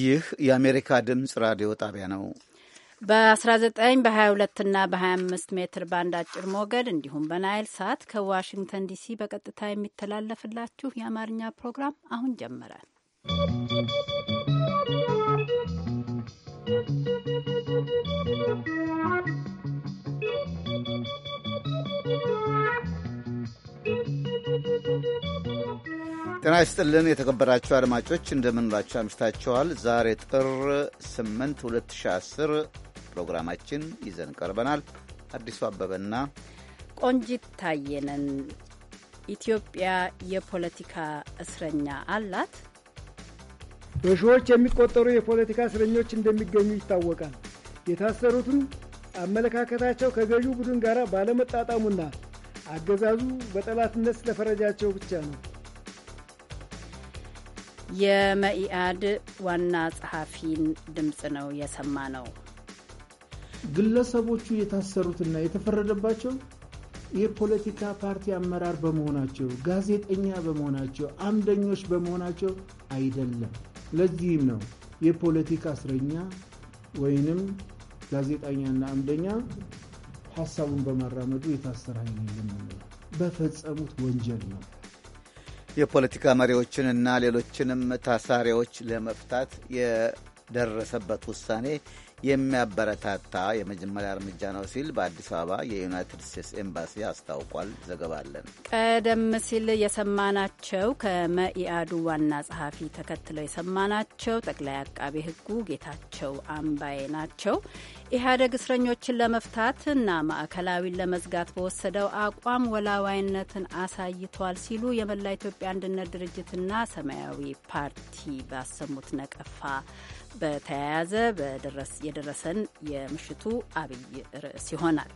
ይህ የአሜሪካ ድምፅ ራዲዮ ጣቢያ ነው። በ19 በ22 እና በ25 ሜትር ባንድ አጭር ሞገድ እንዲሁም በናይል ሳት ከዋሽንግተን ዲሲ በቀጥታ የሚተላለፍላችሁ የአማርኛ ፕሮግራም አሁን ጀመራል። ጤና ይስጥልን የተከበራችሁ አድማጮች እንደምንላችሁ አምሽታችኋል። ዛሬ ጥር 8 2010 ፕሮግራማችን ይዘን ቀርበናል። አዲሱ አበበና ቆንጂት ታየነን። ኢትዮጵያ የፖለቲካ እስረኛ አላት። በሺዎች የሚቆጠሩ የፖለቲካ እስረኞች እንደሚገኙ ይታወቃል። የታሰሩትም አመለካከታቸው ከገዢው ቡድን ጋር ባለመጣጣሙና አገዛዙ በጠላትነት ስለፈረጃቸው ብቻ ነው። የመኢአድ ዋና ጸሐፊን ድምፅ ነው የሰማ ነው። ግለሰቦቹ የታሰሩትና የተፈረደባቸው የፖለቲካ ፓርቲ አመራር በመሆናቸው፣ ጋዜጠኛ በመሆናቸው፣ አምደኞች በመሆናቸው አይደለም። ለዚህም ነው የፖለቲካ እስረኛ ወይንም ጋዜጠኛና አምደኛ ሀሳቡን በማራመዱ የታሰረ ኃይል የለም። በፈጸሙት ወንጀል ነው። የፖለቲካ መሪዎችንና ሌሎችንም ታሳሪዎች ለመፍታት የደረሰበት ውሳኔ የሚያበረታታ የመጀመሪያ እርምጃ ነው ሲል በአዲስ አበባ የዩናይትድ ስቴትስ ኤምባሲ አስታውቋል። ዘገባለን ቀደም ሲል የሰማናቸው ከመኢአዱ ዋና ጸሐፊ ተከትለው የሰማናቸው ጠቅላይ አቃቤ ሕጉ ጌታቸው አምባዬ ናቸው። ኢህአደግ እስረኞችን ለመፍታትና ማዕከላዊን ለመዝጋት በወሰደው አቋም ወላዋይነትን አሳይቷል ሲሉ የመላ ኢትዮጵያ አንድነት ድርጅትና ሰማያዊ ፓርቲ ባሰሙት ነቀፋ በተያያዘ የደረሰን የምሽቱ አብይ ርዕስ ይሆናል።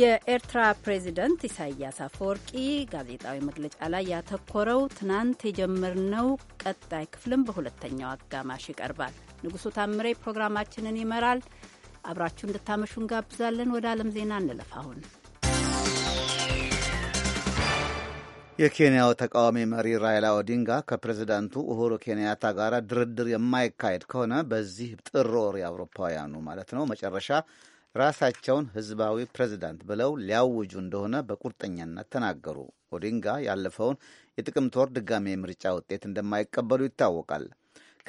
የኤርትራ ፕሬዚደንት ኢሳያስ አፈወርቂ ጋዜጣዊ መግለጫ ላይ ያተኮረው ትናንት የጀመርነው ቀጣይ ክፍልም በሁለተኛው አጋማሽ ይቀርባል። ንጉሱ ታምሬ ፕሮግራማችንን ይመራል። አብራችሁ እንድታመሹ እንጋብዛለን። ወደ ዓለም ዜና እንለፍ አሁን። የኬንያው ተቃዋሚ መሪ ራይላ ኦዲንጋ ከፕሬዚዳንቱ ኡሁሩ ኬንያታ ጋር ድርድር የማይካሄድ ከሆነ በዚህ ጥር ወር የአውሮፓውያኑ ማለት ነው መጨረሻ ራሳቸውን ህዝባዊ ፕሬዚዳንት ብለው ሊያውጁ እንደሆነ በቁርጠኛነት ተናገሩ። ኦዲንጋ ያለፈውን የጥቅምት ወር ድጋሜ ምርጫ ውጤት እንደማይቀበሉ ይታወቃል።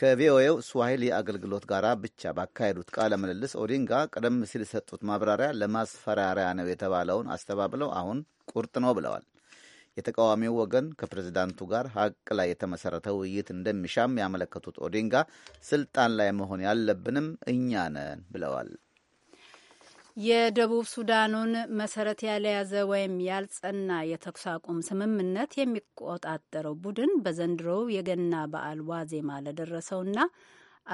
ከቪኦኤው ስዋሂሊ አገልግሎት ጋር ብቻ ባካሄዱት ቃለ ምልልስ ኦዲንጋ ቀደም ሲል የሰጡት ማብራሪያ ለማስፈራሪያ ነው የተባለውን አስተባብለው አሁን ቁርጥ ነው ብለዋል። የተቃዋሚው ወገን ከፕሬዝዳንቱ ጋር ሀቅ ላይ የተመሰረተ ውይይት እንደሚሻም ያመለከቱት ኦዲንጋ ስልጣን ላይ መሆን ያለብንም እኛ ነን ብለዋል። የደቡብ ሱዳኑን መሰረት ያልያዘ ወይም ያልጸና የተኩስ አቁም ስምምነት የሚቆጣጠረው ቡድን በዘንድሮው የገና በዓል ዋዜማ ለደረሰውና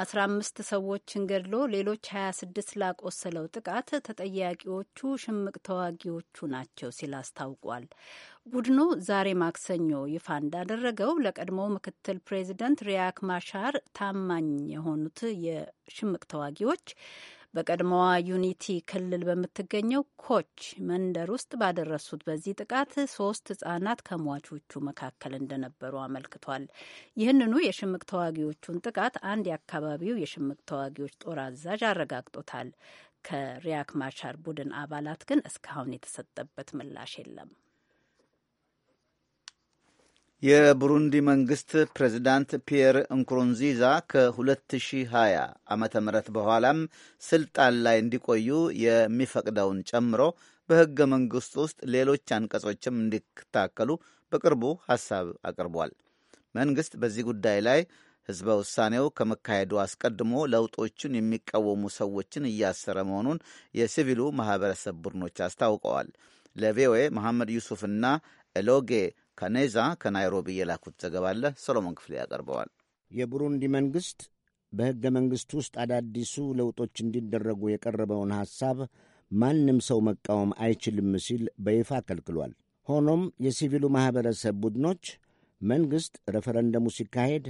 አስራ አምስት ሰዎችን ገድሎ ሌሎች ሀያ ስድስት ላቆሰለው ጥቃት ተጠያቂዎቹ ሽምቅ ተዋጊዎቹ ናቸው ሲል አስታውቋል። ቡድኑ ዛሬ ማክሰኞ ይፋ እንዳደረገው ለቀድሞ ምክትል ፕሬዚደንት ሪያክ ማሻር ታማኝ የሆኑት የሽምቅ ተዋጊዎች በቀድሞዋ ዩኒቲ ክልል በምትገኘው ኮች መንደር ውስጥ ባደረሱት በዚህ ጥቃት ሶስት ህጻናት ከሟቾቹ መካከል እንደነበሩ አመልክቷል። ይህንኑ የሽምቅ ተዋጊዎቹን ጥቃት አንድ የአካባቢው የሽምቅ ተዋጊዎች ጦር አዛዥ አረጋግጦታል። ከሪያክ ማሻር ቡድን አባላት ግን እስካሁን የተሰጠበት ምላሽ የለም። የቡሩንዲ መንግስት ፕሬዚዳንት ፒየር እንኩሩንዚዛ ከ2020 ዓመተ ምህረት በኋላም ስልጣን ላይ እንዲቆዩ የሚፈቅደውን ጨምሮ በሕገ መንግስት ውስጥ ሌሎች አንቀጾችም እንዲታከሉ በቅርቡ ሐሳብ አቅርቧል። መንግስት በዚህ ጉዳይ ላይ ሕዝበ ውሳኔው ከመካሄዱ አስቀድሞ ለውጦቹን የሚቃወሙ ሰዎችን እያሰረ መሆኑን የሲቪሉ ማኅበረሰብ ቡድኖች አስታውቀዋል። ለቪኦኤ መሐመድ ዩሱፍና ኤሎጌ ከኔዛ ከናይሮቢ የላኩት ዘገባ አለ። ሰሎሞን ክፍሌ ያቀርበዋል። የቡሩንዲ መንግሥት በሕገ መንግሥቱ ውስጥ አዳዲሱ ለውጦች እንዲደረጉ የቀረበውን ሐሳብ ማንም ሰው መቃወም አይችልም ሲል በይፋ ከልክሏል። ሆኖም የሲቪሉ ማኅበረሰብ ቡድኖች መንግሥት ረፈረንደሙ ሲካሄድ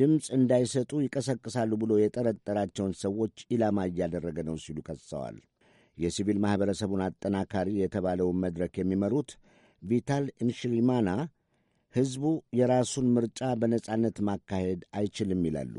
ድምፅ እንዳይሰጡ ይቀሰቅሳሉ ብሎ የጠረጠራቸውን ሰዎች ኢላማ እያደረገ ነው ሲሉ ከሰዋል። የሲቪል ማኅበረሰቡን አጠናካሪ የተባለውን መድረክ የሚመሩት ቪታል እንሽሊማና ሕዝቡ የራሱን ምርጫ በነጻነት ማካሄድ አይችልም ይላሉ።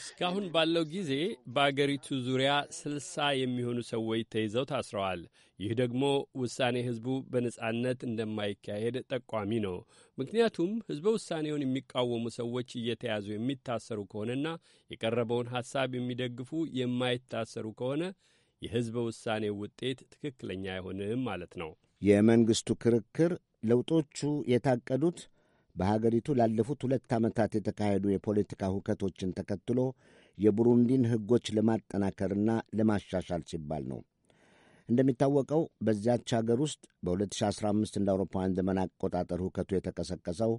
እስካሁን ባለው ጊዜ በአገሪቱ ዙሪያ ስልሳ የሚሆኑ ሰዎች ተይዘው ታስረዋል። ይህ ደግሞ ውሳኔ ሕዝቡ በነጻነት እንደማይካሄድ ጠቋሚ ነው። ምክንያቱም ሕዝበ ውሳኔውን የሚቃወሙ ሰዎች እየተያዙ የሚታሰሩ ከሆነና የቀረበውን ሐሳብ የሚደግፉ የማይታሰሩ ከሆነ የሕዝበ ውሳኔው ውጤት ትክክለኛ አይሆንም ማለት ነው። የመንግሥቱ ክርክር ለውጦቹ የታቀዱት በሀገሪቱ ላለፉት ሁለት ዓመታት የተካሄዱ የፖለቲካ ሁከቶችን ተከትሎ የቡሩንዲን ሕጎች ለማጠናከርና ለማሻሻል ሲባል ነው። እንደሚታወቀው በዚያች አገር ውስጥ በ2015 እንደ አውሮፓውያን ዘመን አቆጣጠር ሁከቱ የተቀሰቀሰው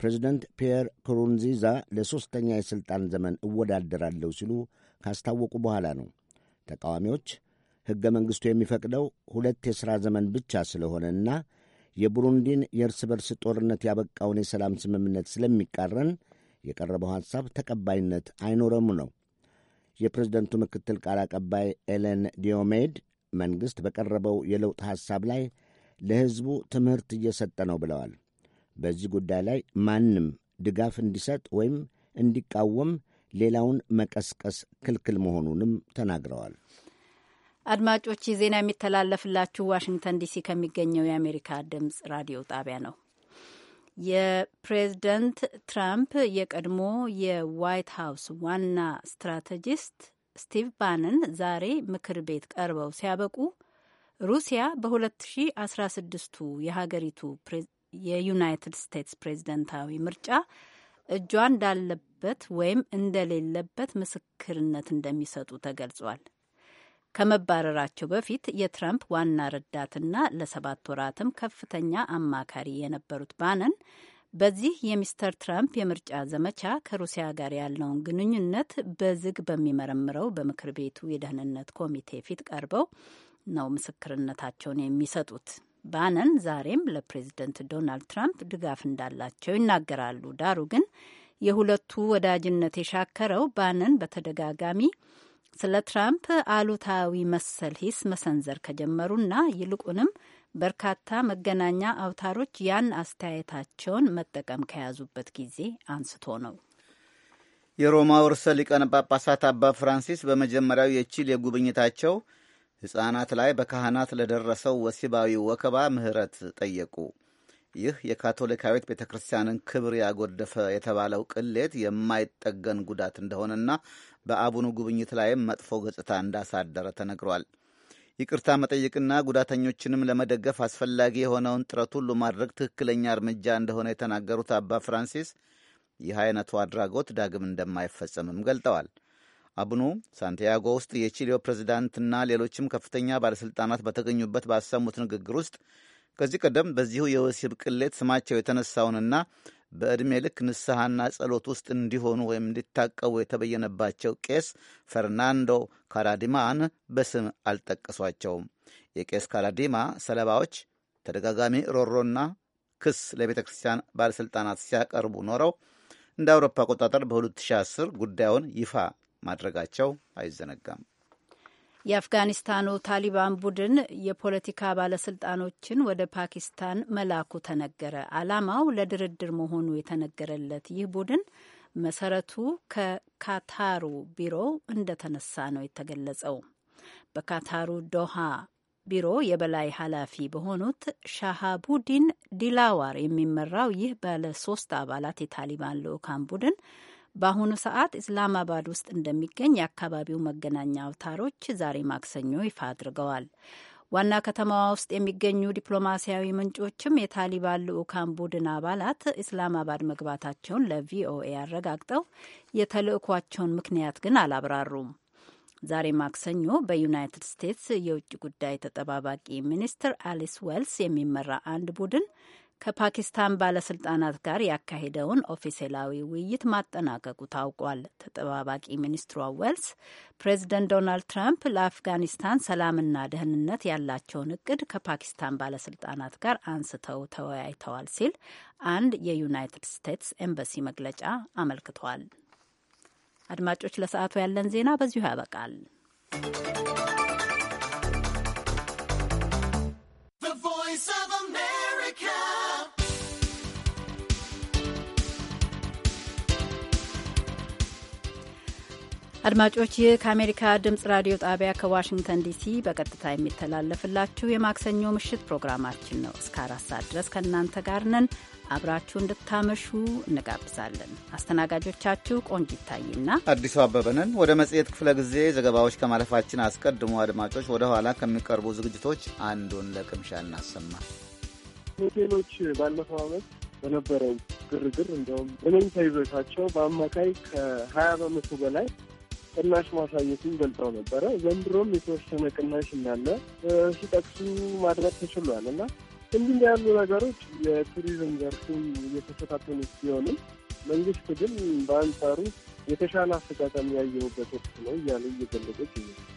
ፕሬዚደንት ፒየር ክሩንዚዛ ለሦስተኛ የሥልጣን ዘመን እወዳደራለሁ ሲሉ ካስታወቁ በኋላ ነው። ተቃዋሚዎች ሕገ መንግሥቱ የሚፈቅደው ሁለት የሥራ ዘመን ብቻ ስለሆነና የቡሩንዲን የእርስ በርስ ጦርነት ያበቃውን የሰላም ስምምነት ስለሚቃረን የቀረበው ሐሳብ ተቀባይነት አይኖረም ነው። የፕሬዝደንቱ ምክትል ቃል አቀባይ ኤለን ዲዮሜድ መንግሥት በቀረበው የለውጥ ሐሳብ ላይ ለሕዝቡ ትምህርት እየሰጠ ነው ብለዋል። በዚህ ጉዳይ ላይ ማንም ድጋፍ እንዲሰጥ ወይም እንዲቃወም ሌላውን መቀስቀስ ክልክል መሆኑንም ተናግረዋል። አድማጮች ዜና የሚተላለፍላችሁ ዋሽንግተን ዲሲ ከሚገኘው የአሜሪካ ድምጽ ራዲዮ ጣቢያ ነው። የፕሬዝደንት ትራምፕ የቀድሞ የዋይት ሀውስ ዋና ስትራቴጂስት ስቲቭ ባነን ዛሬ ምክር ቤት ቀርበው ሲያበቁ ሩሲያ በ2016ቱ የሀገሪቱ የዩናይትድ ስቴትስ ፕሬዝደንታዊ ምርጫ እጇ እንዳለበት ወይም እንደሌለበት ምስክርነት እንደሚሰጡ ተገልጿል። ከመባረራቸው በፊት የትራምፕ ዋና ረዳትና ለሰባት ወራትም ከፍተኛ አማካሪ የነበሩት ባነን በዚህ የሚስተር ትራምፕ የምርጫ ዘመቻ ከሩሲያ ጋር ያለውን ግንኙነት በዝግ በሚመረምረው በምክር ቤቱ የደህንነት ኮሚቴ ፊት ቀርበው ነው ምስክርነታቸውን የሚሰጡት። ባነን ዛሬም ለፕሬዝደንት ዶናልድ ትራምፕ ድጋፍ እንዳላቸው ይናገራሉ። ዳሩ ግን የሁለቱ ወዳጅነት የሻከረው ባነን በተደጋጋሚ ስለ ትራምፕ አሉታዊ መሰል ሂስ መሰንዘር ከጀመሩና ይልቁንም በርካታ መገናኛ አውታሮች ያን አስተያየታቸውን መጠቀም ከያዙበት ጊዜ አንስቶ ነው። የሮማ ርዕሰ ሊቃነ ጳጳሳት አባ ፍራንሲስ በመጀመሪያው የቺል የጉብኝታቸው ሕፃናት ላይ በካህናት ለደረሰው ወሲባዊ ወከባ ምሕረት ጠየቁ። ይህ የካቶሊካዊት ቤተ ክርስቲያንን ክብር ያጎደፈ የተባለው ቅሌት የማይጠገን ጉዳት እንደሆነና በአቡኑ ጉብኝት ላይም መጥፎ ገጽታ እንዳሳደረ ተነግሯል። ይቅርታ መጠየቅና ጉዳተኞችንም ለመደገፍ አስፈላጊ የሆነውን ጥረት ሁሉ ማድረግ ትክክለኛ እርምጃ እንደሆነ የተናገሩት አባ ፍራንሲስ ይህ አይነቱ አድራጎት ዳግም እንደማይፈጸምም ገልጠዋል። አቡኑ ሳንቲያጎ ውስጥ የቺሊው ፕሬዚዳንትና ሌሎችም ከፍተኛ ባለሥልጣናት በተገኙበት ባሰሙት ንግግር ውስጥ ከዚህ ቀደም በዚሁ የወሲብ ቅሌት ስማቸው የተነሳውንና በዕድሜ ልክ ንስሐና ጸሎት ውስጥ እንዲሆኑ ወይም እንዲታቀቡ የተበየነባቸው ቄስ ፈርናንዶ ካራዲማን በስም አልጠቀሷቸውም። የቄስ ካራዲማ ሰለባዎች ተደጋጋሚ ሮሮና ክስ ለቤተ ክርስቲያን ባለሥልጣናት ሲያቀርቡ ኖረው እንደ አውሮፓ አቆጣጠር በ2010 ጉዳዩን ይፋ ማድረጋቸው አይዘነጋም። የአፍጋኒስታኑ ታሊባን ቡድን የፖለቲካ ባለስልጣኖችን ወደ ፓኪስታን መላኩ ተነገረ። አላማው ለድርድር መሆኑ የተነገረለት ይህ ቡድን መሰረቱ ከካታሩ ቢሮ እንደተነሳ ነው የተገለጸው። በካታሩ ዶሃ ቢሮ የበላይ ኃላፊ በሆኑት ሻሃቡዲን ዲላዋር የሚመራው ይህ ባለ ሶስት አባላት የታሊባን ልዑካን ቡድን በአሁኑ ሰዓት ኢስላማባድ ውስጥ እንደሚገኝ የአካባቢው መገናኛ አውታሮች ዛሬ ማክሰኞ ይፋ አድርገዋል። ዋና ከተማዋ ውስጥ የሚገኙ ዲፕሎማሲያዊ ምንጮችም የታሊባን ልዑካን ቡድን አባላት ኢስላማባድ መግባታቸውን ለቪኦኤ አረጋግጠው የተልእኳቸውን ምክንያት ግን አላብራሩም። ዛሬ ማክሰኞ በዩናይትድ ስቴትስ የውጭ ጉዳይ ተጠባባቂ ሚኒስትር አሊስ ዌልስ የሚመራ አንድ ቡድን ከፓኪስታን ባለስልጣናት ጋር ያካሄደውን ኦፊሴላዊ ውይይት ማጠናቀቁ ታውቋል። ተጠባባቂ ሚኒስትሯ ዌልስ ፕሬዚደንት ዶናልድ ትራምፕ ለአፍጋኒስታን ሰላምና ደህንነት ያላቸውን እቅድ ከፓኪስታን ባለስልጣናት ጋር አንስተው ተወያይተዋል ሲል አንድ የዩናይትድ ስቴትስ ኤምባሲ መግለጫ አመልክቷል። አድማጮች፣ ለሰዓቱ ያለን ዜና በዚሁ ያበቃል። አድማጮች ይህ ከአሜሪካ ድምፅ ራዲዮ ጣቢያ ከዋሽንግተን ዲሲ በቀጥታ የሚተላለፍላችሁ የማክሰኞ ምሽት ፕሮግራማችን ነው። እስከ አራት ሰዓት ድረስ ከእናንተ ጋር ነን። አብራችሁ እንድታመሹ እንጋብዛለን። አስተናጋጆቻችሁ ቆንጅ ይታይና አዲሱ አበበንን። ወደ መጽሔት ክፍለ ጊዜ ዘገባዎች ከማለፋችን አስቀድሞ አድማጮች ወደ ኋላ ከሚቀርቡ ዝግጅቶች አንዱን ለቅምሻ እናሰማ። ሆቴሎች ባለፈው ዓመት በነበረው ግርግር እንደውም በመኝታ ይዞታቸው በአማካይ ከሀያ በመቶ በላይ ቅናሽ ማሳየቱን ገልጸው ነበረ። ዘንድሮም የተወሰነ ቅናሽ እንዳለ ሲጠቅሱ ማድረግ ተችሏል እና እንዲህ ያሉ ነገሮች የቱሪዝም ዘርፉን እየተፈታተኑ ሲሆንም መንግስት ግን በአንጻሩ የተሻለ አፈጻጸም ያየሁበት ወቅት ነው እያለ እየገለጸች ይኛል።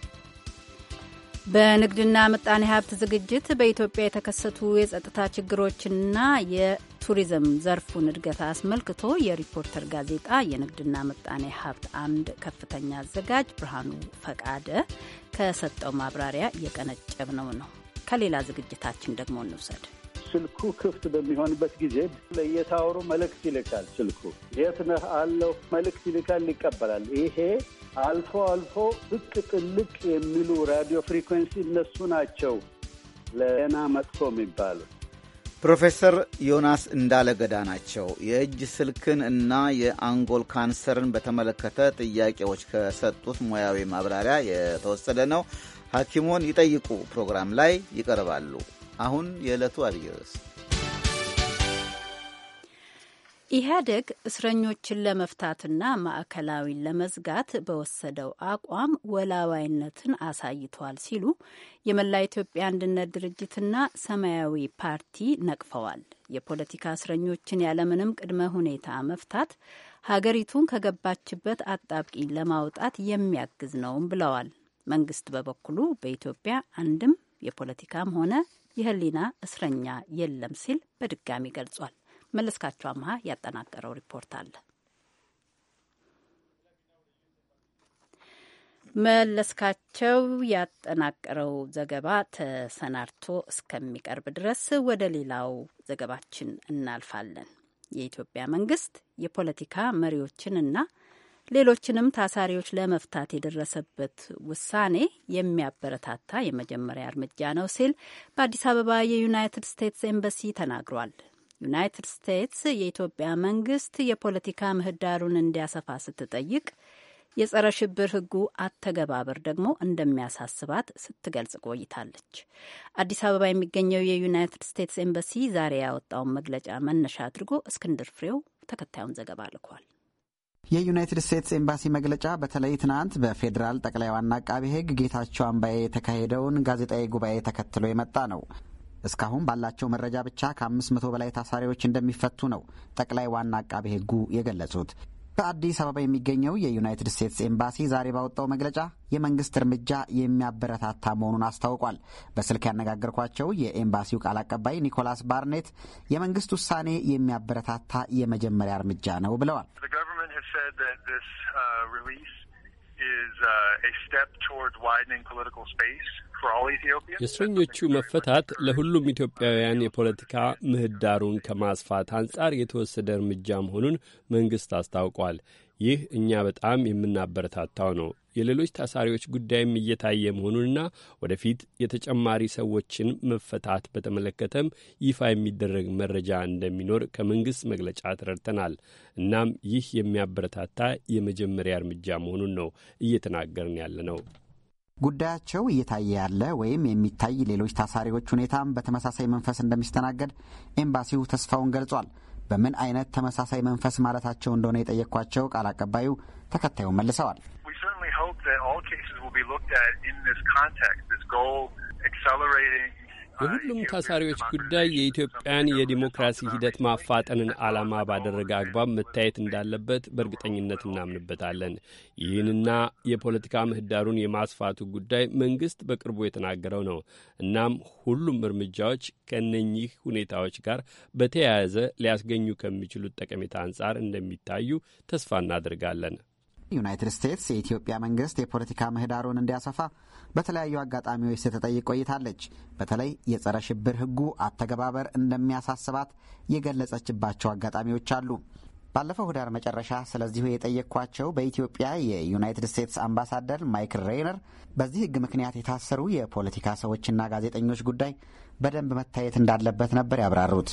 በንግድና ምጣኔ ሀብት ዝግጅት በኢትዮጵያ የተከሰቱ የጸጥታ ችግሮችና የቱሪዝም ዘርፉን እድገት አስመልክቶ የሪፖርተር ጋዜጣ የንግድና ምጣኔ ሀብት አምድ ከፍተኛ አዘጋጅ ብርሃኑ ፈቃደ ከሰጠው ማብራሪያ እየቀነጨብነው ነው። ከሌላ ዝግጅታችን ደግሞ እንውሰድ። ስልኩ ክፍት በሚሆንበት ጊዜ ለየታወሩ መልእክት ይልካል። ስልኩ የት ነህ አለው መልእክት ይልካል፣ ይቀበላል። ይሄ አልፎ አልፎ ብቅ ጥልቅ የሚሉ ራዲዮ ፍሪኩዌንሲ እነሱ ናቸው ለጤና መጥፎ የሚባሉ። ፕሮፌሰር ዮናስ እንዳለገዳ ናቸው። የእጅ ስልክን እና የአንጎል ካንሰርን በተመለከተ ጥያቄዎች ከሰጡት ሙያዊ ማብራሪያ የተወሰደ ነው። ሐኪሞን ይጠይቁ ፕሮግራም ላይ ይቀርባሉ። አሁን የዕለቱ አብይ ርዕስ ኢህአዴግ እስረኞችን ለመፍታትና ማዕከላዊን ለመዝጋት በወሰደው አቋም ወላዋይነትን አሳይቷል ሲሉ የመላ ኢትዮጵያ አንድነት ድርጅትና ሰማያዊ ፓርቲ ነቅፈዋል። የፖለቲካ እስረኞችን ያለምንም ቅድመ ሁኔታ መፍታት ሀገሪቱን ከገባችበት አጣብቂኝ ለማውጣት የሚያግዝ ነውም ብለዋል። መንግስት በበኩሉ በኢትዮጵያ አንድም የፖለቲካም ሆነ የህሊና እስረኛ የለም ሲል በድጋሚ ገልጿል። መለስካቸው አምሃ ያጠናቀረው ሪፖርት አለ። መለስካቸው ያጠናቀረው ዘገባ ተሰናድቶ እስከሚቀርብ ድረስ ወደ ሌላው ዘገባችን እናልፋለን። የኢትዮጵያ መንግስት የፖለቲካ መሪዎችንና ሌሎችንም ታሳሪዎች ለመፍታት የደረሰበት ውሳኔ የሚያበረታታ የመጀመሪያ እርምጃ ነው ሲል በአዲስ አበባ የዩናይትድ ስቴትስ ኤምባሲ ተናግሯል። ዩናይትድ ስቴትስ የኢትዮጵያ መንግስት የፖለቲካ ምህዳሩን እንዲያሰፋ ስትጠይቅ የጸረ ሽብር ህጉ አተገባበር ደግሞ እንደሚያሳስባት ስትገልጽ ቆይታለች። አዲስ አበባ የሚገኘው የዩናይትድ ስቴትስ ኤምባሲ ዛሬ ያወጣውን መግለጫ መነሻ አድርጎ እስክንድር ፍሬው ተከታዩን ዘገባ ልኳል። የዩናይትድ ስቴትስ ኤምባሲ መግለጫ በተለይ ትናንት በፌዴራል ጠቅላይ ዋና አቃቤ ህግ ጌታቸው አምባዬ የተካሄደውን ጋዜጣዊ ጉባኤ ተከትሎ የመጣ ነው። እስካሁን ባላቸው መረጃ ብቻ ከአምስት መቶ በላይ ታሳሪዎች እንደሚፈቱ ነው ጠቅላይ ዋና አቃቤ ሕጉ የገለጹት። በአዲስ አበባ የሚገኘው የዩናይትድ ስቴትስ ኤምባሲ ዛሬ ባወጣው መግለጫ የመንግስት እርምጃ የሚያበረታታ መሆኑን አስታውቋል። በስልክ ያነጋገርኳቸው የኤምባሲው ቃል አቀባይ ኒኮላስ ባርኔት የመንግስት ውሳኔ የሚያበረታታ የመጀመሪያ እርምጃ ነው ብለዋል። Uh, የእስረኞቹ መፈታት ለሁሉም ኢትዮጵያውያን የፖለቲካ ምህዳሩን ከማስፋት አንጻር የተወሰደ እርምጃ መሆኑን መንግሥት አስታውቋል። ይህ እኛ በጣም የምናበረታታው ነው። የሌሎች ታሳሪዎች ጉዳይም እየታየ መሆኑንና ወደፊት የተጨማሪ ሰዎችን መፈታት በተመለከተም ይፋ የሚደረግ መረጃ እንደሚኖር ከመንግሥት መግለጫ ተረድተናል። እናም ይህ የሚያበረታታ የመጀመሪያ እርምጃ መሆኑን ነው እየተናገርን ያለ ነው። ጉዳያቸው እየታየ ያለ ወይም የሚታይ ሌሎች ታሳሪዎች ሁኔታም በተመሳሳይ መንፈስ እንደሚስተናገድ ኤምባሲው ተስፋውን ገልጿል። በምን አይነት ተመሳሳይ መንፈስ ማለታቸው እንደሆነ የጠየቅኳቸው ቃል አቀባዩ ተከታዩን መልሰዋል። የሁሉም uh, ታሳሪዎች ጉዳይ የኢትዮጵያን የዲሞክራሲ ሂደት ማፋጠንን ዓላማ ባደረገ አግባብ መታየት እንዳለበት በእርግጠኝነት እናምንበታለን። ይህንና የፖለቲካ ምህዳሩን የማስፋቱ ጉዳይ መንግስት በቅርቡ የተናገረው ነው። እናም ሁሉም እርምጃዎች ከነኚህ ሁኔታዎች ጋር በተያያዘ ሊያስገኙ ከሚችሉት ጠቀሜታ አንጻር እንደሚታዩ ተስፋ እናደርጋለን። ዩናይትድ ስቴትስ የኢትዮጵያ መንግስት የፖለቲካ ምህዳሩን እንዲያሰፋ በተለያዩ አጋጣሚዎች ስትጠይቅ ቆይታለች። በተለይ የጸረ ሽብር ህጉ አተገባበር እንደሚያሳስባት የገለጸችባቸው አጋጣሚዎች አሉ። ባለፈው ህዳር መጨረሻ ስለዚሁ የጠየቅኳቸው በኢትዮጵያ የዩናይትድ ስቴትስ አምባሳደር ማይክል ሬይነር በዚህ ህግ ምክንያት የታሰሩ የፖለቲካ ሰዎችና ጋዜጠኞች ጉዳይ በደንብ መታየት እንዳለበት ነበር ያብራሩት።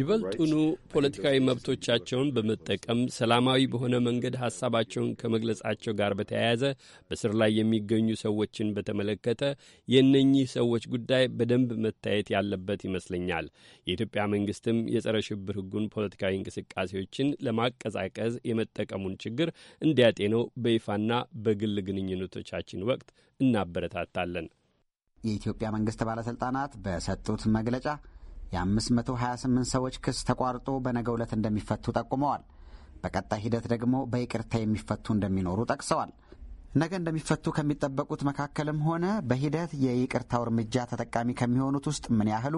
ይበልጡኑ ፖለቲካዊ መብቶቻቸውን በመጠቀም ሰላማዊ በሆነ መንገድ ሀሳባቸውን ከመግለጻቸው ጋር በተያያዘ በስር ላይ የሚገኙ ሰዎችን በተመለከተ የእነኚህ ሰዎች ጉዳይ በደንብ መታየት ያለበት ይመስለኛል። የኢትዮጵያ መንግስትም የጸረ ሽብር ሕጉን ፖለቲካዊ እንቅስቃሴዎችን ለማቀዛቀዝ የመጠቀሙን ችግር እንዲያጤነው በይፋና በግል ግንኙነቶቻችን ወቅት እናበረታታለን። የኢትዮጵያ መንግስት ባለስልጣናት በሰጡት መግለጫ የ528 ሰዎች ክስ ተቋርጦ በነገ ዕለት እንደሚፈቱ ጠቁመዋል። በቀጣይ ሂደት ደግሞ በይቅርታ የሚፈቱ እንደሚኖሩ ጠቅሰዋል። ነገ እንደሚፈቱ ከሚጠበቁት መካከልም ሆነ በሂደት የይቅርታው እርምጃ ተጠቃሚ ከሚሆኑት ውስጥ ምን ያህሉ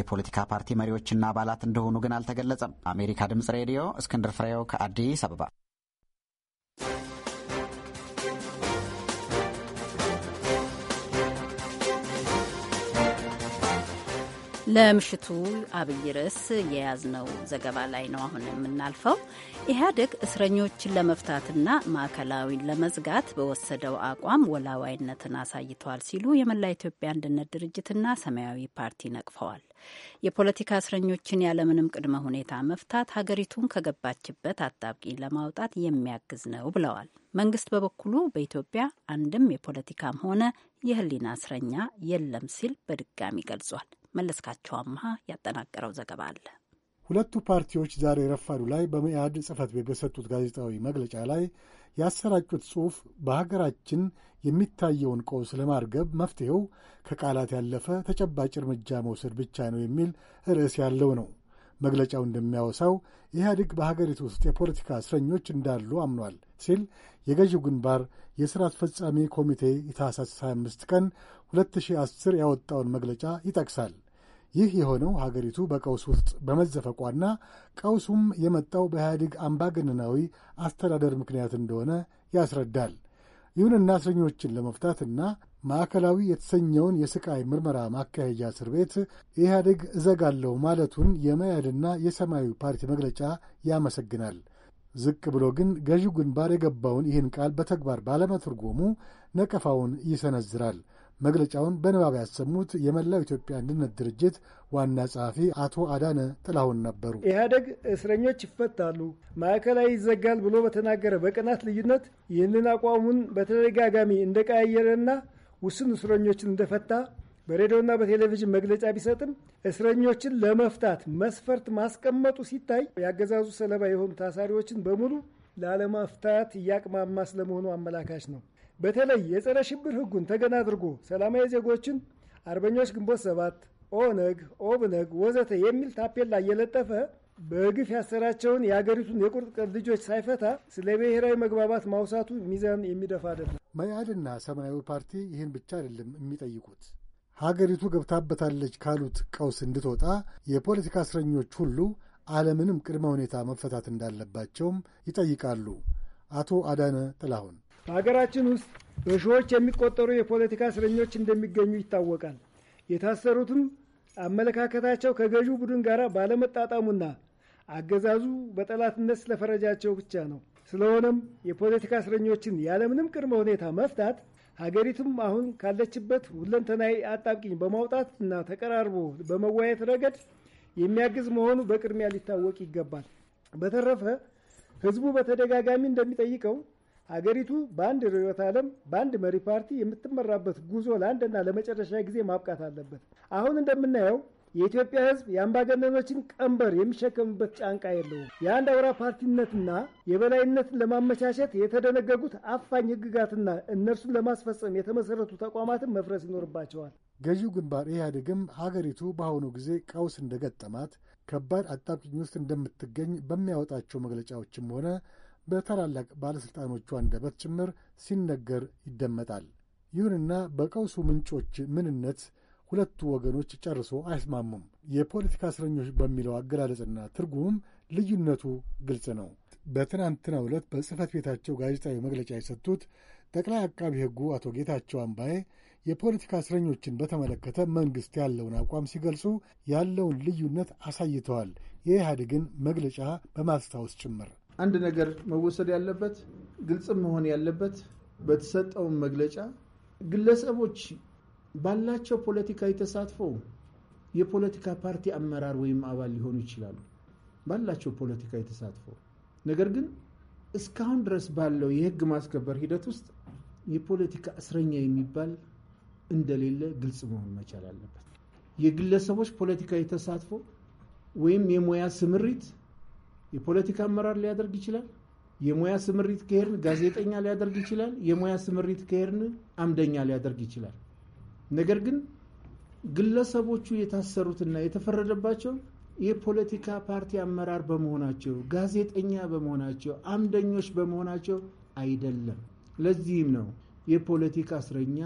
የፖለቲካ ፓርቲ መሪዎችና አባላት እንደሆኑ ግን አልተገለጸም። አሜሪካ ድምጽ ሬዲዮ እስክንድር ፍሬው ከአዲስ አበባ ለምሽቱ አብይ ርዕስ የያዝነው ዘገባ ላይ ነው አሁን የምናልፈው። ኢህአዴግ እስረኞችን ለመፍታትና ማዕከላዊን ለመዝጋት በወሰደው አቋም ወላዋይነትን አሳይተዋል ሲሉ የመላ ኢትዮጵያ አንድነት ድርጅትና ሰማያዊ ፓርቲ ነቅፈዋል። የፖለቲካ እስረኞችን ያለምንም ቅድመ ሁኔታ መፍታት ሀገሪቱን ከገባችበት አጣብቂኝ ለማውጣት የሚያግዝ ነው ብለዋል። መንግስት በበኩሉ በኢትዮጵያ አንድም የፖለቲካም ሆነ የህሊና እስረኛ የለም ሲል በድጋሚ ገልጿል። መለስካቸው አምሃ ያጠናቀረው ዘገባ አለ። ሁለቱ ፓርቲዎች ዛሬ ረፋዱ ላይ በመኢአድ ጽህፈት ቤት በሰጡት ጋዜጣዊ መግለጫ ላይ ያሰራጩት ጽሑፍ በሀገራችን የሚታየውን ቀውስ ለማርገብ መፍትሄው ከቃላት ያለፈ ተጨባጭ እርምጃ መውሰድ ብቻ ነው የሚል ርዕስ ያለው ነው። መግለጫው እንደሚያወሳው ኢህአዴግ በሀገሪቱ ውስጥ የፖለቲካ እስረኞች እንዳሉ አምኗል ሲል የገዢው ግንባር የሥራ አስፈጻሚ ኮሚቴ የታህሳስ 25 ቀን 2010 ያወጣውን መግለጫ ይጠቅሳል። ይህ የሆነው ሀገሪቱ በቀውስ ውስጥ በመዘፈቋና ቀውሱም የመጣው በኢህአዴግ አምባገነናዊ አስተዳደር ምክንያት እንደሆነ ያስረዳል። ይሁንና እስረኞችን ለመፍታትና ማዕከላዊ የተሰኘውን የስቃይ ምርመራ ማካሄጃ እስር ቤት ኢህአዴግ እዘጋለሁ ማለቱን የመያድና የሰማያዊ ፓርቲ መግለጫ ያመሰግናል። ዝቅ ብሎ ግን ገዢው ግንባር የገባውን ይህን ቃል በተግባር ባለመትርጎሙ ነቀፋውን ይሰነዝራል። መግለጫውን በንባብ ያሰሙት የመላው ኢትዮጵያ አንድነት ድርጅት ዋና ጸሐፊ አቶ አዳነ ጥላሁን ነበሩ። ኢህአዴግ እስረኞች ይፈታሉ፣ ማዕከላዊ ይዘጋል ብሎ በተናገረ በቀናት ልዩነት ይህንን አቋሙን በተደጋጋሚ እንደቀያየረና ውስን እስረኞችን እንደፈታ በሬዲዮና በቴሌቪዥን መግለጫ ቢሰጥም እስረኞችን ለመፍታት መስፈርት ማስቀመጡ ሲታይ የአገዛዙ ሰለባ የሆኑ ታሳሪዎችን በሙሉ ላለመፍታት እያቅማማ ስለመሆኑ አመላካች ነው። በተለይ የጸረ ሽብር ሕጉን ተገና አድርጎ ሰላማዊ ዜጎችን አርበኞች ግንቦት ሰባት፣ ኦነግ፣ ኦብነግ ወዘተ የሚል ታፔላ እየለጠፈ በግፍ ያሰራቸውን የአገሪቱን የቁርጥ ቀን ልጆች ሳይፈታ ስለ ብሔራዊ መግባባት ማውሳቱ ሚዛን የሚደፋ አይደለም። መኢአድና ሰማያዊ ፓርቲ ይህን ብቻ አይደለም የሚጠይቁት። ሀገሪቱ ገብታበታለች ካሉት ቀውስ እንድትወጣ የፖለቲካ እስረኞች ሁሉ አለምንም ቅድመ ሁኔታ መፈታት እንዳለባቸውም ይጠይቃሉ። አቶ አዳነ ጥላሁን በሀገራችን ውስጥ በሺዎች የሚቆጠሩ የፖለቲካ እስረኞች እንደሚገኙ ይታወቃል። የታሰሩትም አመለካከታቸው ከገዢው ቡድን ጋር ባለመጣጣሙና አገዛዙ በጠላትነት ስለፈረጃቸው ብቻ ነው። ስለሆነም የፖለቲካ እስረኞችን ያለምንም ቅድመ ሁኔታ መፍታት ሀገሪቱም አሁን ካለችበት ሁለንተናዊ አጣብቂኝ በማውጣት እና ተቀራርቦ በመወያየት ረገድ የሚያግዝ መሆኑ በቅድሚያ ሊታወቅ ይገባል። በተረፈ ህዝቡ በተደጋጋሚ እንደሚጠይቀው ሀገሪቱ በአንድ ርዕዮተ ዓለም በአንድ መሪ ፓርቲ የምትመራበት ጉዞ ለአንድና ለመጨረሻ ጊዜ ማብቃት አለበት። አሁን እንደምናየው የኢትዮጵያ ሕዝብ የአምባገነኖችን ቀንበር የሚሸከምበት ጫንቃ የለውም። የአንድ አውራ ፓርቲነትና የበላይነትን ለማመቻቸት የተደነገጉት አፋኝ ሕግጋትና እነርሱን ለማስፈጸም የተመሰረቱ ተቋማትን መፍረስ ይኖርባቸዋል። ገዢው ግንባር ኢህአዴግም ሀገሪቱ በአሁኑ ጊዜ ቀውስ እንደገጠማት ከባድ አጣብቂኝ ውስጥ እንደምትገኝ በሚያወጣቸው መግለጫዎችም ሆነ በታላላቅ ባለሥልጣኖቹ አንደበት ጭምር ሲነገር ይደመጣል። ይሁንና በቀውሱ ምንጮች ምንነት ሁለቱ ወገኖች ጨርሶ አይስማሙም። የፖለቲካ እስረኞች በሚለው አገላለጽና ትርጉምም ልዩነቱ ግልጽ ነው። በትናንትና ዕለት በጽህፈት ቤታቸው ጋዜጣዊ መግለጫ የሰጡት ጠቅላይ አቃቢ ሕጉ አቶ ጌታቸው አምባዬ የፖለቲካ እስረኞችን በተመለከተ መንግሥት ያለውን አቋም ሲገልጹ ያለውን ልዩነት አሳይተዋል። የኢህአዴግን መግለጫ በማስታወስ ጭምር አንድ ነገር መወሰድ ያለበት ግልጽም መሆን ያለበት በተሰጠውን መግለጫ ግለሰቦች ባላቸው ፖለቲካዊ ተሳትፎ የፖለቲካ ፓርቲ አመራር ወይም አባል ሊሆኑ ይችላሉ። ባላቸው ፖለቲካዊ ተሳትፎ ነገር ግን እስካሁን ድረስ ባለው የህግ ማስከበር ሂደት ውስጥ የፖለቲካ እስረኛ የሚባል እንደሌለ ግልጽ መሆን መቻል አለበት። የግለሰቦች ፖለቲካዊ ተሳትፎ ወይም የሙያ ስምሪት የፖለቲካ አመራር ሊያደርግ ይችላል። የሙያ ስምሪት ከሄድን ጋዜጠኛ ሊያደርግ ይችላል። የሙያ ስምሪት ከሄድን አምደኛ ሊያደርግ ይችላል። ነገር ግን ግለሰቦቹ የታሰሩትና የተፈረደባቸው የፖለቲካ ፓርቲ አመራር በመሆናቸው፣ ጋዜጠኛ በመሆናቸው፣ አምደኞች በመሆናቸው አይደለም። ለዚህም ነው የፖለቲካ እስረኛ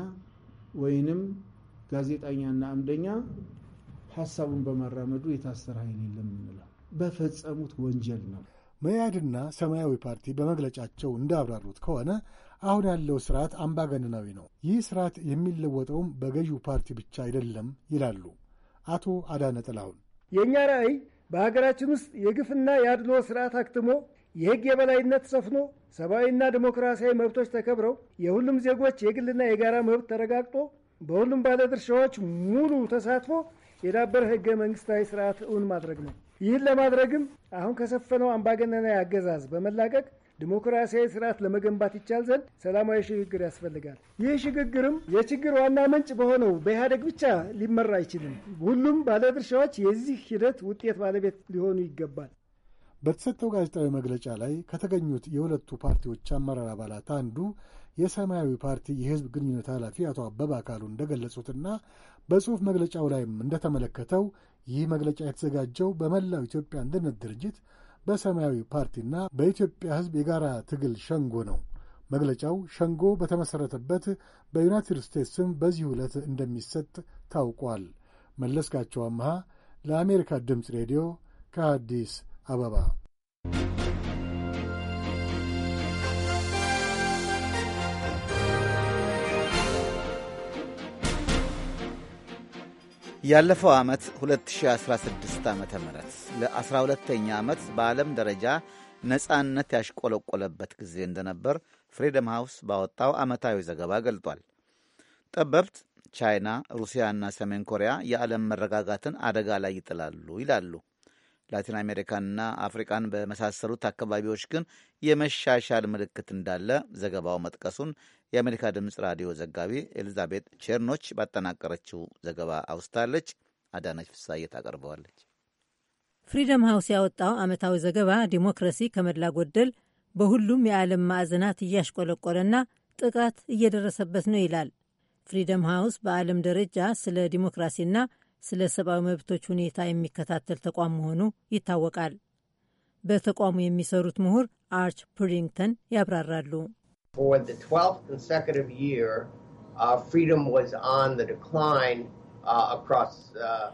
ወይንም ጋዜጠኛና አምደኛ ሀሳቡን በማራመዱ የታሰረ ኃይል የለም የምንለው በፈጸሙት ወንጀል ነው። መያድና ሰማያዊ ፓርቲ በመግለጫቸው እንዳብራሩት ከሆነ አሁን ያለው ስርዓት አምባገነናዊ ነው። ይህ ስርዓት የሚለወጠውም በገዢው ፓርቲ ብቻ አይደለም ይላሉ አቶ አዳነ ጥላሁን። የእኛ ራዕይ በሀገራችን ውስጥ የግፍና የአድሎ ስርዓት አክትሞ የህግ የበላይነት ሰፍኖ ሰብአዊና ዲሞክራሲያዊ መብቶች ተከብረው የሁሉም ዜጎች የግልና የጋራ መብት ተረጋግጦ በሁሉም ባለድርሻዎች ሙሉ ተሳትፎ የዳበረ ህገ መንግስታዊ ስርዓት እውን ማድረግ ነው። ይህን ለማድረግም አሁን ከሰፈነው አምባገነናዊ አገዛዝ በመላቀቅ ዲሞክራሲያዊ ስርዓት ለመገንባት ይቻል ዘንድ ሰላማዊ ሽግግር ያስፈልጋል። ይህ ሽግግርም የችግር ዋና ምንጭ በሆነው በኢህአዴግ ብቻ ሊመራ አይችልም። ሁሉም ባለድርሻዎች የዚህ ሂደት ውጤት ባለቤት ሊሆኑ ይገባል። በተሰጠው ጋዜጣዊ መግለጫ ላይ ከተገኙት የሁለቱ ፓርቲዎች አመራር አባላት አንዱ የሰማያዊ ፓርቲ የህዝብ ግንኙነት ኃላፊ አቶ አበበ አካሉ እንደገለጹትና በጽሑፍ መግለጫው ላይም እንደተመለከተው ይህ መግለጫ የተዘጋጀው በመላው ኢትዮጵያ አንድነት ድርጅት በሰማያዊ ፓርቲና በኢትዮጵያ ሕዝብ የጋራ ትግል ሸንጎ ነው። መግለጫው ሸንጎ በተመሠረተበት በዩናይትድ ስቴትስም በዚህ ዕለት እንደሚሰጥ ታውቋል። መለስካቸው አምሃ ለአሜሪካ ድምፅ ሬዲዮ ከአዲስ አበባ ያለፈው ዓመት 2016 ዓ ም ለ12ተኛ ዓመት በዓለም ደረጃ ነፃነት ያሽቆለቆለበት ጊዜ እንደነበር ፍሪደም ሃውስ ባወጣው ዓመታዊ ዘገባ ገልጧል። ጠበብት ቻይና፣ ሩሲያና ሰሜን ኮሪያ የዓለም መረጋጋትን አደጋ ላይ ይጥላሉ ይላሉ። ላቲን አሜሪካንና አፍሪካን በመሳሰሉት አካባቢዎች ግን የመሻሻል ምልክት እንዳለ ዘገባው መጥቀሱን የአሜሪካ ድምፅ ራዲዮ ዘጋቢ ኤሊዛቤት ቼርኖች ባጠናቀረችው ዘገባ አውስታለች። አዳነች ፍሳዬ ታቀርበዋለች። ፍሪደም ሃውስ ያወጣው ዓመታዊ ዘገባ ዲሞክራሲ ከመላ ጎደል በሁሉም የዓለም ማዕዘናት እያሽቆለቆለና ጥቃት እየደረሰበት ነው ይላል። ፍሪደም ሃውስ በዓለም ደረጃ ስለ ዲሞክራሲና ስለ ሰብአዊ መብቶች ሁኔታ የሚከታተል ተቋም መሆኑ ይታወቃል። በተቋሙ የሚሰሩት ምሁር አርች ፕሪንግተን ያብራራሉ። For the 12th consecutive year, uh, freedom was on the decline uh, across uh,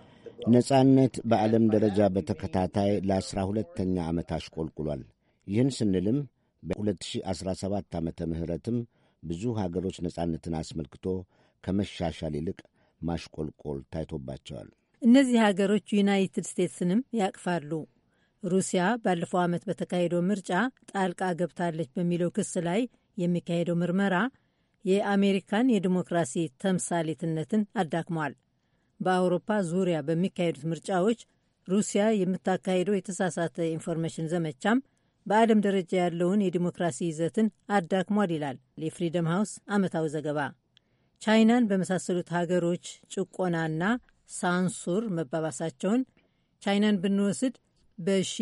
ነጻነት በዓለም ደረጃ በተከታታይ ለአስራ ሁለተኛ ዓመት አሽቆልቁሏል። ይህን ስንልም በ2017 ዓመተ ምሕረትም ብዙ ሀገሮች ነጻነትን አስመልክቶ ከመሻሻል ይልቅ ማሽቆልቆል ታይቶባቸዋል። እነዚህ ሀገሮች ዩናይትድ ስቴትስንም ያቅፋሉ። ሩሲያ ባለፈው ዓመት በተካሄደው ምርጫ ጣልቃ ገብታለች በሚለው ክስ ላይ የሚካሄደው ምርመራ የአሜሪካን የዲሞክራሲ ተምሳሌትነትን አዳክሟል። በአውሮፓ ዙሪያ በሚካሄዱት ምርጫዎች ሩሲያ የምታካሄደው የተሳሳተ ኢንፎርሜሽን ዘመቻም በዓለም ደረጃ ያለውን የዲሞክራሲ ይዘትን አዳክሟል ይላል የፍሪደም ሃውስ ዓመታዊ ዘገባ። ቻይናን በመሳሰሉት ሀገሮች ጭቆናና ሳንሱር መባባሳቸውን ቻይናን ብንወስድ በሺ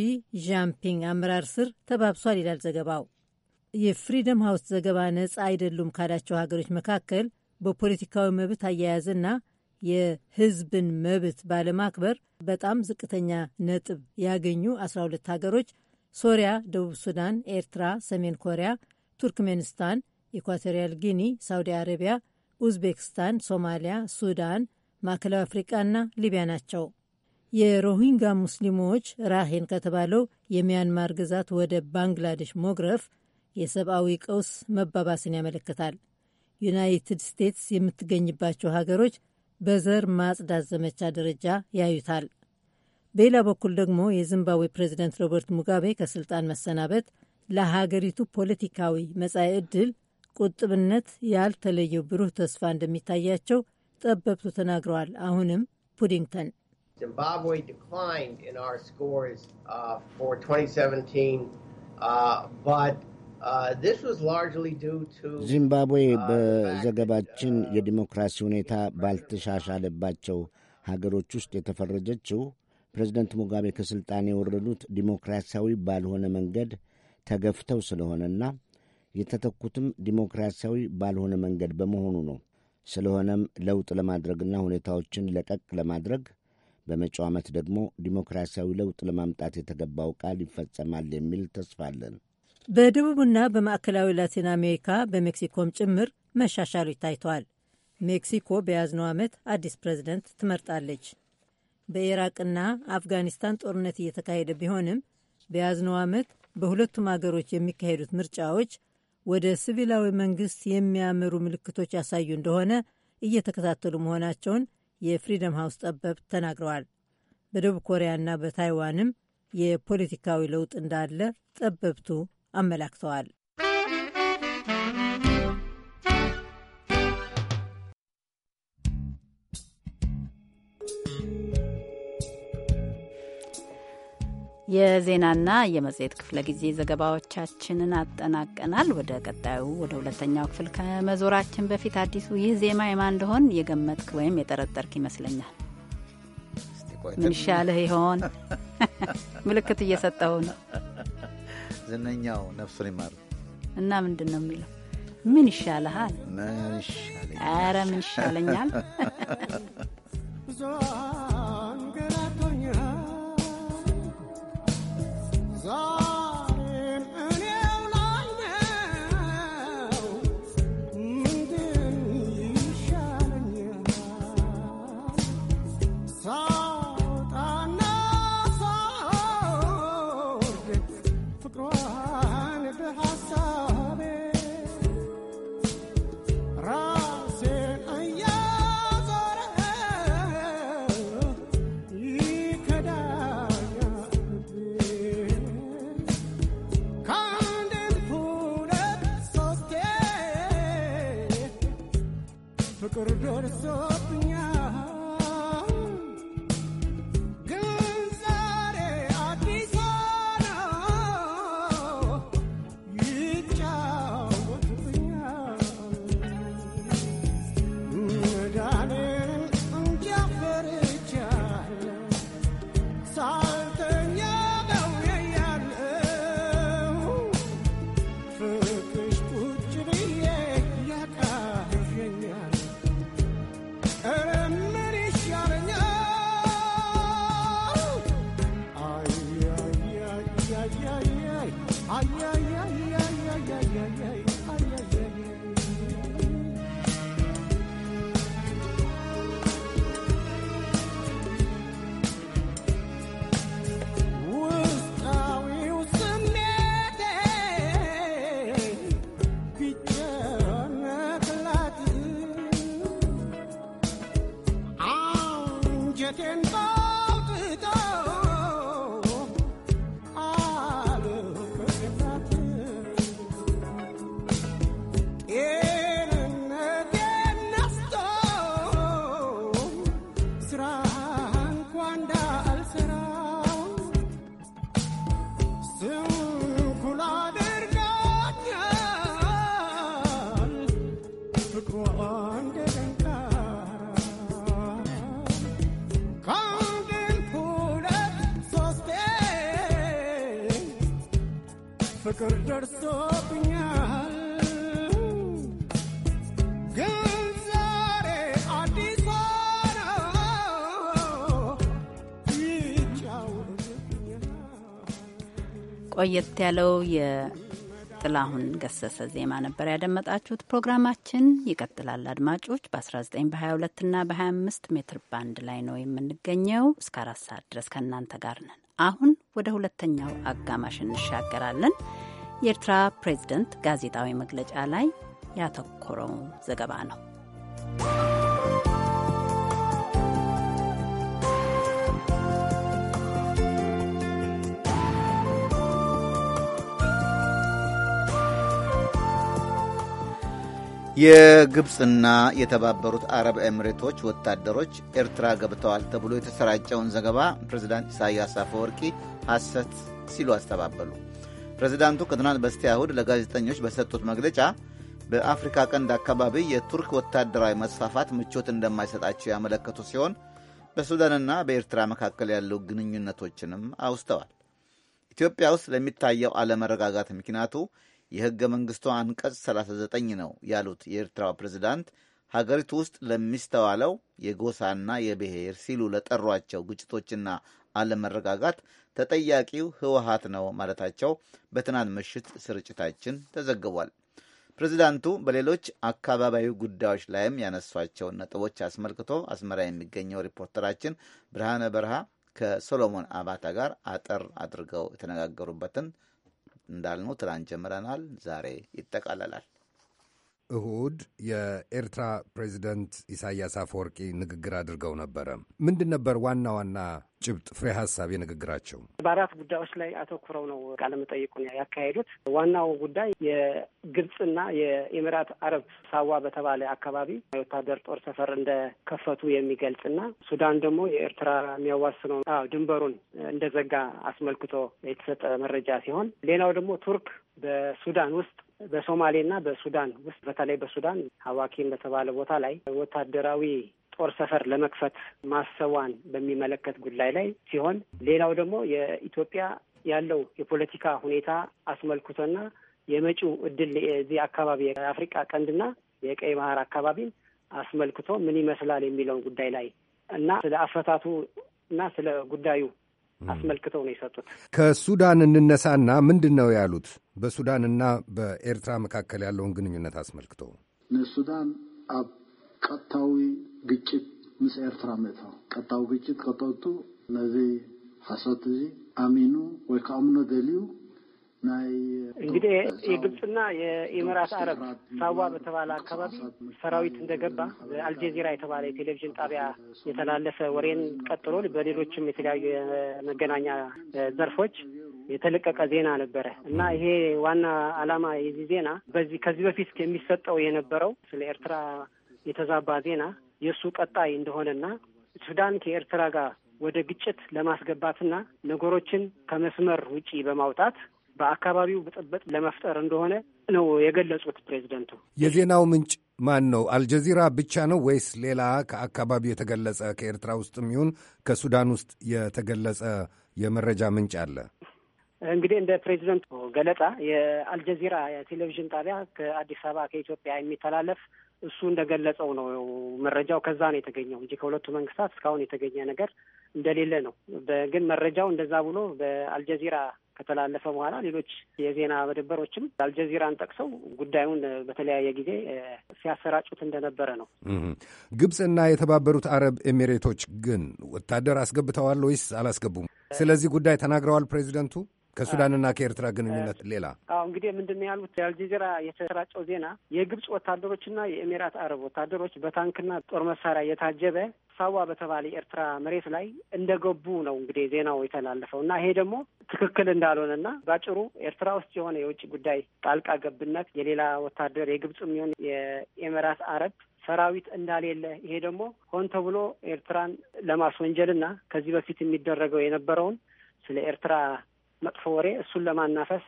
ዣምፒንግ አመራር ስር ተባብሷል ይላል ዘገባው። የፍሪደም ሃውስ ዘገባ ነጻ አይደሉም ካላቸው ሀገሮች መካከል በፖለቲካዊ መብት አያያዝና የሕዝብን መብት ባለማክበር በጣም ዝቅተኛ ነጥብ ያገኙ 12 ሀገሮች ሶሪያ፣ ደቡብ ሱዳን፣ ኤርትራ፣ ሰሜን ኮሪያ፣ ቱርክሜኒስታን፣ ኢኳቶሪያል ጊኒ፣ ሳውዲ አረቢያ፣ ኡዝቤክስታን፣ ሶማሊያ፣ ሱዳን፣ ማዕከላዊ አፍሪቃና ሊቢያ ናቸው። የሮሂንጋ ሙስሊሞች ራሄን ከተባለው የሚያንማር ግዛት ወደ ባንግላዴሽ ሞግረፍ የሰብአዊ ቀውስ መባባስን ያመለክታል። ዩናይትድ ስቴትስ የምትገኝባቸው ሀገሮች በዘር ማጽዳት ዘመቻ ደረጃ ያዩታል። በሌላ በኩል ደግሞ የዚምባብዌ ፕሬዚደንት ሮበርት ሙጋቤ ከስልጣን መሰናበት ለሀገሪቱ ፖለቲካዊ መጻኢ ዕድል ቁጥብነት ያልተለየው ብሩህ ተስፋ እንደሚታያቸው ጠበብቱ ተናግረዋል። አሁንም ፑዲንግተን ዚምባብዌ ዚምባብዌ uh, uh, በዘገባችን uh, የዲሞክራሲ ሁኔታ ባልተሻሻለባቸው ሀገሮች ውስጥ የተፈረጀችው ፕሬዚደንት ሙጋቤ ከሥልጣን የወረዱት ዲሞክራሲያዊ ባልሆነ መንገድ ተገፍተው ስለሆነና የተተኩትም ዲሞክራሲያዊ ባልሆነ መንገድ በመሆኑ ነው። ስለሆነም ለውጥ ለማድረግና ሁኔታዎችን ለቀቅ ለማድረግ በመጪው ዓመት ደግሞ ዲሞክራሲያዊ ለውጥ ለማምጣት የተገባው ቃል ይፈጸማል የሚል ተስፋ አለን። በደቡብና በማዕከላዊ ላቲን አሜሪካ በሜክሲኮም ጭምር መሻሻሎች ታይተዋል። ሜክሲኮ በያዝነው ዓመት አዲስ ፕሬዝደንት ትመርጣለች። በኢራቅና አፍጋኒስታን ጦርነት እየተካሄደ ቢሆንም በያዝነው ዓመት በሁለቱም አገሮች የሚካሄዱት ምርጫዎች ወደ ሲቪላዊ መንግስት የሚያመሩ ምልክቶች ያሳዩ እንደሆነ እየተከታተሉ መሆናቸውን የፍሪደም ሃውስ ጠበብት ተናግረዋል። በደቡብ ኮሪያና በታይዋንም የፖለቲካዊ ለውጥ እንዳለ ጠበብቱ አመላክተዋል። የዜናና የመጽሔት ክፍለ ጊዜ ዘገባዎቻችንን አጠናቀናል። ወደ ቀጣዩ ወደ ሁለተኛው ክፍል ከመዞራችን በፊት አዲሱ ይህ ዜማ የማን እንደሆን የገመትክ ወይም የጠረጠርክ ይመስለኛል። ምን ይሻልህ ይሆን? ምልክት እየሰጠው ነው። ዝነኛው ነፍሱን ይማር እና ምንድን ነው የሚለው? ምን ይሻልሃል? ምን ይሻለኛል? ኧረ ምን ይሻለኛል? cordones ቆየት ያለው የጥላሁን ገሰሰ ዜማ ነበር ያደመጣችሁት። ፕሮግራማችን ይቀጥላል። አድማጮች በ19 በ22 እና በ25 ሜትር ባንድ ላይ ነው የምንገኘው። እስከ አራት ሰዓት ድረስ ከእናንተ ጋር ነን። አሁን ወደ ሁለተኛው አጋማሽ እንሻገራለን። የኤርትራ ፕሬዝደንት ጋዜጣዊ መግለጫ ላይ ያተኮረው ዘገባ ነው። የግብፅና የተባበሩት አረብ ኤምሬቶች ወታደሮች ኤርትራ ገብተዋል ተብሎ የተሰራጨውን ዘገባ ፕሬዚዳንት ኢሳያስ አፈወርቂ ሐሰት ሲሉ አስተባበሉ። ፕሬዚዳንቱ ከትናንት በስቲያ እሁድ ለጋዜጠኞች በሰጡት መግለጫ በአፍሪካ ቀንድ አካባቢ የቱርክ ወታደራዊ መስፋፋት ምቾት እንደማይሰጣቸው ያመለከቱ ሲሆን በሱዳንና በኤርትራ መካከል ያሉ ግንኙነቶችንም አውስተዋል። ኢትዮጵያ ውስጥ ለሚታየው አለመረጋጋት ምክንያቱ የህገ መንግስቱ አንቀጽ 39 ነው ያሉት የኤርትራው ፕሬዚዳንት ሀገሪቱ ውስጥ ለሚስተዋለው የጎሳና የብሔር ሲሉ ለጠሯቸው ግጭቶችና አለመረጋጋት ተጠያቂው ህወሀት ነው ማለታቸው በትናንት ምሽት ስርጭታችን ተዘግቧል። ፕሬዚዳንቱ በሌሎች አካባቢያዊ ጉዳዮች ላይም ያነሷቸውን ነጥቦች አስመልክቶ አስመራ የሚገኘው ሪፖርተራችን ብርሃነ በረሃ ከሶሎሞን አባታ ጋር አጠር አድርገው የተነጋገሩበትን እንዳልነው ትናንት ጀምረናል። ዛሬ ይጠቃለላል። እሁድ የኤርትራ ፕሬዚደንት ኢሳያስ አፈወርቂ ንግግር አድርገው ነበረ። ምንድን ነበር ዋና ዋና ጭብጥ ፍሬ ሀሳብ የንግግራቸው በአራት ጉዳዮች ላይ አተኩረው ነው ቃለ መጠይቁን ያካሄዱት። ዋናው ጉዳይ የግብፅና የኢሚራት አረብ ሳዋ በተባለ አካባቢ የወታደር ጦር ሰፈር እንደከፈቱ የሚገልጽና ሱዳን ደግሞ የኤርትራ የሚያዋስነው ድንበሩን እንደዘጋ አስመልክቶ የተሰጠ መረጃ ሲሆን ሌላው ደግሞ ቱርክ በሱዳን ውስጥ በሶማሌና በሱዳን ውስጥ በተለይ በሱዳን ሀዋኪም በተባለ ቦታ ላይ ወታደራዊ ጦር ሰፈር ለመክፈት ማሰቧን በሚመለከት ጉዳይ ላይ ሲሆን ሌላው ደግሞ የኢትዮጵያ ያለው የፖለቲካ ሁኔታ አስመልክቶና የመጪው እድል የዚህ አካባቢ የአፍሪቃ ቀንድና የቀይ ባህር አካባቢን አስመልክቶ ምን ይመስላል የሚለውን ጉዳይ ላይ እና ስለ አፈታቱ እና ስለ ጉዳዩ አስመልክተው ነው የሰጡት። ከሱዳን እንነሳና ምንድን ነው ያሉት በሱዳንና በኤርትራ መካከል ያለውን ግንኙነት አስመልክቶ ሱዳን አብ ቀጥታዊ ግጭት ምስ ኤርትራ ምእታው ቀጣዊ ግጭት ከጠልጡ ነዚ ሓሶት እዚ ኣሚኑ ወይ ከዓ ደልዩ እንግዲህ የግብፅና የኢምራት አረብ ሳዋ በተባለ አካባቢ ሰራዊት እንደገባ አልጀዚራ የተባለ የቴሌቪዥን ጣቢያ የተላለፈ ወሬን ቀጥሎ በሌሎችም የተለያዩ የመገናኛ ዘርፎች የተለቀቀ ዜና ነበረ እና ይሄ ዋና ዓላማ የዚህ ዜና በዚህ ከዚህ በፊት የሚሰጠው የነበረው ስለ ኤርትራ የተዛባ ዜና የእሱ ቀጣይ እንደሆነና ሱዳን ከኤርትራ ጋር ወደ ግጭት ለማስገባትና ነገሮችን ከመስመር ውጪ በማውጣት በአካባቢው ብጥብጥ ለመፍጠር እንደሆነ ነው የገለጹት ፕሬዚደንቱ። የዜናው ምንጭ ማን ነው? አልጀዚራ ብቻ ነው ወይስ ሌላ ከአካባቢው የተገለጸ ከኤርትራ ውስጥም ይሁን ከሱዳን ውስጥ የተገለጸ የመረጃ ምንጭ አለ? እንግዲህ እንደ ፕሬዚደንቱ ገለጻ የአልጀዚራ የቴሌቪዥን ጣቢያ ከአዲስ አበባ ከኢትዮጵያ የሚተላለፍ እሱ እንደገለጸው ነው መረጃው ከዛ ነው የተገኘው እንጂ ከሁለቱ መንግስታት እስካሁን የተገኘ ነገር እንደሌለ ነው። ግን መረጃው እንደዛ ብሎ በአልጀዚራ ከተላለፈ በኋላ ሌሎች የዜና መደበሮችም አልጀዚራን ጠቅሰው ጉዳዩን በተለያየ ጊዜ ሲያሰራጩት እንደነበረ ነው። ግብፅና የተባበሩት አረብ ኤሚሬቶች ግን ወታደር አስገብተዋል ወይስ አላስገቡም? ስለዚህ ጉዳይ ተናግረዋል ፕሬዚደንቱ ከሱዳንና ከኤርትራ ግንኙነት ሌላ አሁ እንግዲህ ምንድን ነው ያሉት የአልጀዚራ የተሰራጨው ዜና የግብፅ ወታደሮችና የኤሚራት አረብ ወታደሮች በታንክና ጦር መሳሪያ የታጀበ ሳዋ በተባለ የኤርትራ መሬት ላይ እንደገቡ ነው እንግዲህ ዜናው የተላለፈው እና ይሄ ደግሞ ትክክል እንዳልሆነና ባጭሩ ኤርትራ ውስጥ የሆነ የውጭ ጉዳይ ጣልቃ ገብነት የሌላ ወታደር የግብጽ የሚሆን የኤሚራት አረብ ሰራዊት እንዳሌለ ይሄ ደግሞ ሆን ተብሎ ኤርትራን ለማስወንጀልና ከዚህ በፊት የሚደረገው የነበረውን ስለ ኤርትራ መጥፎ ወሬ እሱን ለማናፈስ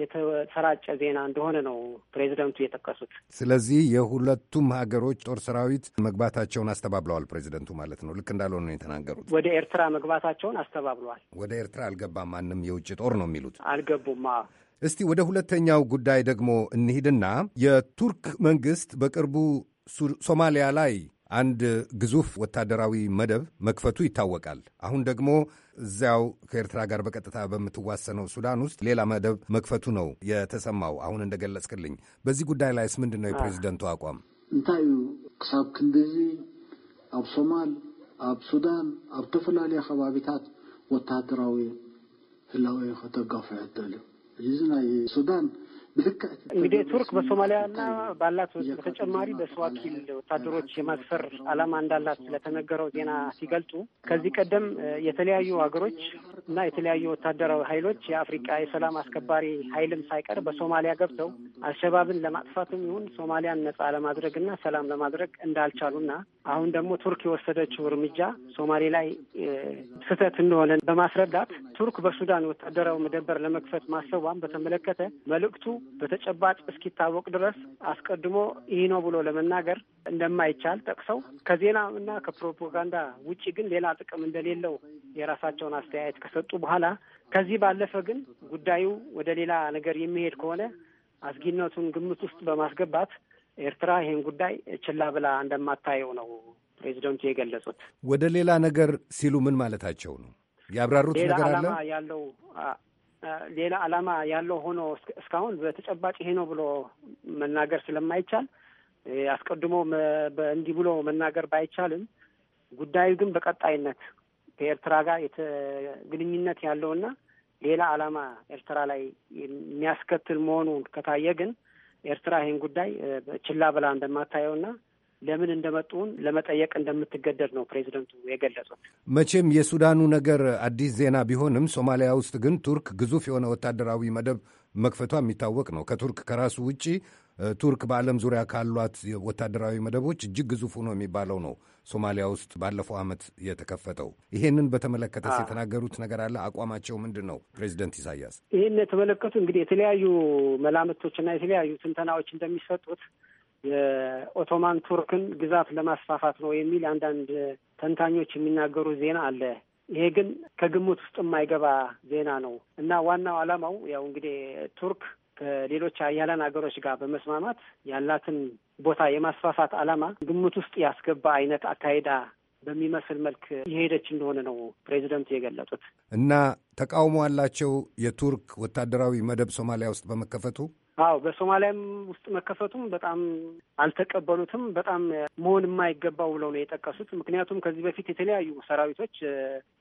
የተሰራጨ ዜና እንደሆነ ነው ፕሬዚደንቱ የጠቀሱት። ስለዚህ የሁለቱም ሀገሮች ጦር ሰራዊት መግባታቸውን አስተባብለዋል ፕሬዚደንቱ ማለት ነው። ልክ እንዳልሆነ ነው የተናገሩት። ወደ ኤርትራ መግባታቸውን አስተባብለዋል። ወደ ኤርትራ አልገባም ማንም የውጭ ጦር ነው የሚሉት አልገቡም። እስቲ ወደ ሁለተኛው ጉዳይ ደግሞ እንሂድና የቱርክ መንግስት በቅርቡ ሶማሊያ ላይ አንድ ግዙፍ ወታደራዊ መደብ መክፈቱ ይታወቃል። አሁን ደግሞ እዚያው ከኤርትራ ጋር በቀጥታ በምትዋሰነው ሱዳን ውስጥ ሌላ መደብ መክፈቱ ነው የተሰማው። አሁን እንደገለጽክልኝ በዚህ ጉዳይ ላይስ ምንድን ነው የፕሬዚደንቱ አቋም? እንታይ እዩ ክሳብ ክንዲዚ ኣብ ሶማል ኣብ ሱዳን ኣብ ተፈላለየ ከባቢታት ወታደራዊ ህላወ ከተጋፈ ከተጋፍዕ እዩ እዚ ናይ ሱዳን እንግዲህ ቱርክ በሶማሊያና ባላት በተጨማሪ በስዋኪል ወታደሮች የማስፈር ዓላማ እንዳላት ስለተነገረው ዜና ሲገልጹ ከዚህ ቀደም የተለያዩ ሀገሮች እና የተለያዩ ወታደራዊ ኃይሎች የአፍሪቃ የሰላም አስከባሪ ኃይልም ሳይቀር በሶማሊያ ገብተው አልሸባብን ለማጥፋትም ይሁን ሶማሊያን ነጻ ለማድረግና ሰላም ለማድረግ እንዳልቻሉና አሁን ደግሞ ቱርክ የወሰደችው እርምጃ ሶማሌ ላይ ስህተት እንደሆነ በማስረዳት ቱርክ በሱዳን ወታደራዊ መደበር ለመክፈት ማሰቧን በተመለከተ መልእክቱ በተጨባጭ እስኪታወቅ ድረስ አስቀድሞ ይህ ነው ብሎ ለመናገር እንደማይቻል ጠቅሰው ከዜና እና ከፕሮፓጋንዳ ውጪ ግን ሌላ ጥቅም እንደሌለው የራሳቸውን አስተያየት ከሰጡ በኋላ ከዚህ ባለፈ ግን ጉዳዩ ወደ ሌላ ነገር የሚሄድ ከሆነ አስጊነቱን ግምት ውስጥ በማስገባት ኤርትራ ይህን ጉዳይ ችላ ብላ እንደማታየው ነው ፕሬዚደንቱ የገለጹት። ወደ ሌላ ነገር ሲሉ ምን ማለታቸው ነው? ያብራሩት ነገር አለ ያለው ሌላ ዓላማ ያለው ሆኖ እስካሁን በተጨባጭ ይሄ ነው ብሎ መናገር ስለማይቻል አስቀድሞ እንዲህ ብሎ መናገር ባይቻልም ጉዳዩ ግን በቀጣይነት ከኤርትራ ጋር ግንኙነት ያለውና ሌላ ዓላማ ኤርትራ ላይ የሚያስከትል መሆኑን ከታየ ግን ኤርትራ ይህን ጉዳይ ችላ ብላ እንደማታየውና ለምን እንደመጡን ለመጠየቅ እንደምትገደድ ነው ፕሬዚደንቱ የገለጹት። መቼም የሱዳኑ ነገር አዲስ ዜና ቢሆንም ሶማሊያ ውስጥ ግን ቱርክ ግዙፍ የሆነ ወታደራዊ መደብ መክፈቷ የሚታወቅ ነው። ከቱርክ ከራሱ ውጪ ቱርክ በዓለም ዙሪያ ካሏት ወታደራዊ መደቦች እጅግ ግዙፍ ሆኖ የሚባለው ነው ሶማሊያ ውስጥ ባለፈው ዓመት የተከፈተው። ይሄንን በተመለከተስ የተናገሩት ነገር አለ? አቋማቸው ምንድን ነው? ፕሬዚደንት ኢሳያስ ይህን የተመለከቱ እንግዲህ የተለያዩ መላምቶችና የተለያዩ ትንተናዎች እንደሚሰጡት የኦቶማን ቱርክን ግዛት ለማስፋፋት ነው የሚል አንዳንድ ተንታኞች የሚናገሩ ዜና አለ። ይሄ ግን ከግምት ውስጥ የማይገባ ዜና ነው እና ዋናው ዓላማው ያው እንግዲህ ቱርክ ከሌሎች አያለን ሀገሮች ጋር በመስማማት ያላትን ቦታ የማስፋፋት ዓላማ ግምት ውስጥ ያስገባ አይነት አካሄዳ በሚመስል መልክ የሄደች እንደሆነ ነው ፕሬዚደንቱ የገለጡት። እና ተቃውሞ አላቸው የቱርክ ወታደራዊ መደብ ሶማሊያ ውስጥ በመከፈቱ አዎ በሶማሊያም ውስጥ መከፈቱም በጣም አልተቀበሉትም። በጣም መሆን የማይገባው ብለው ነው የጠቀሱት። ምክንያቱም ከዚህ በፊት የተለያዩ ሰራዊቶች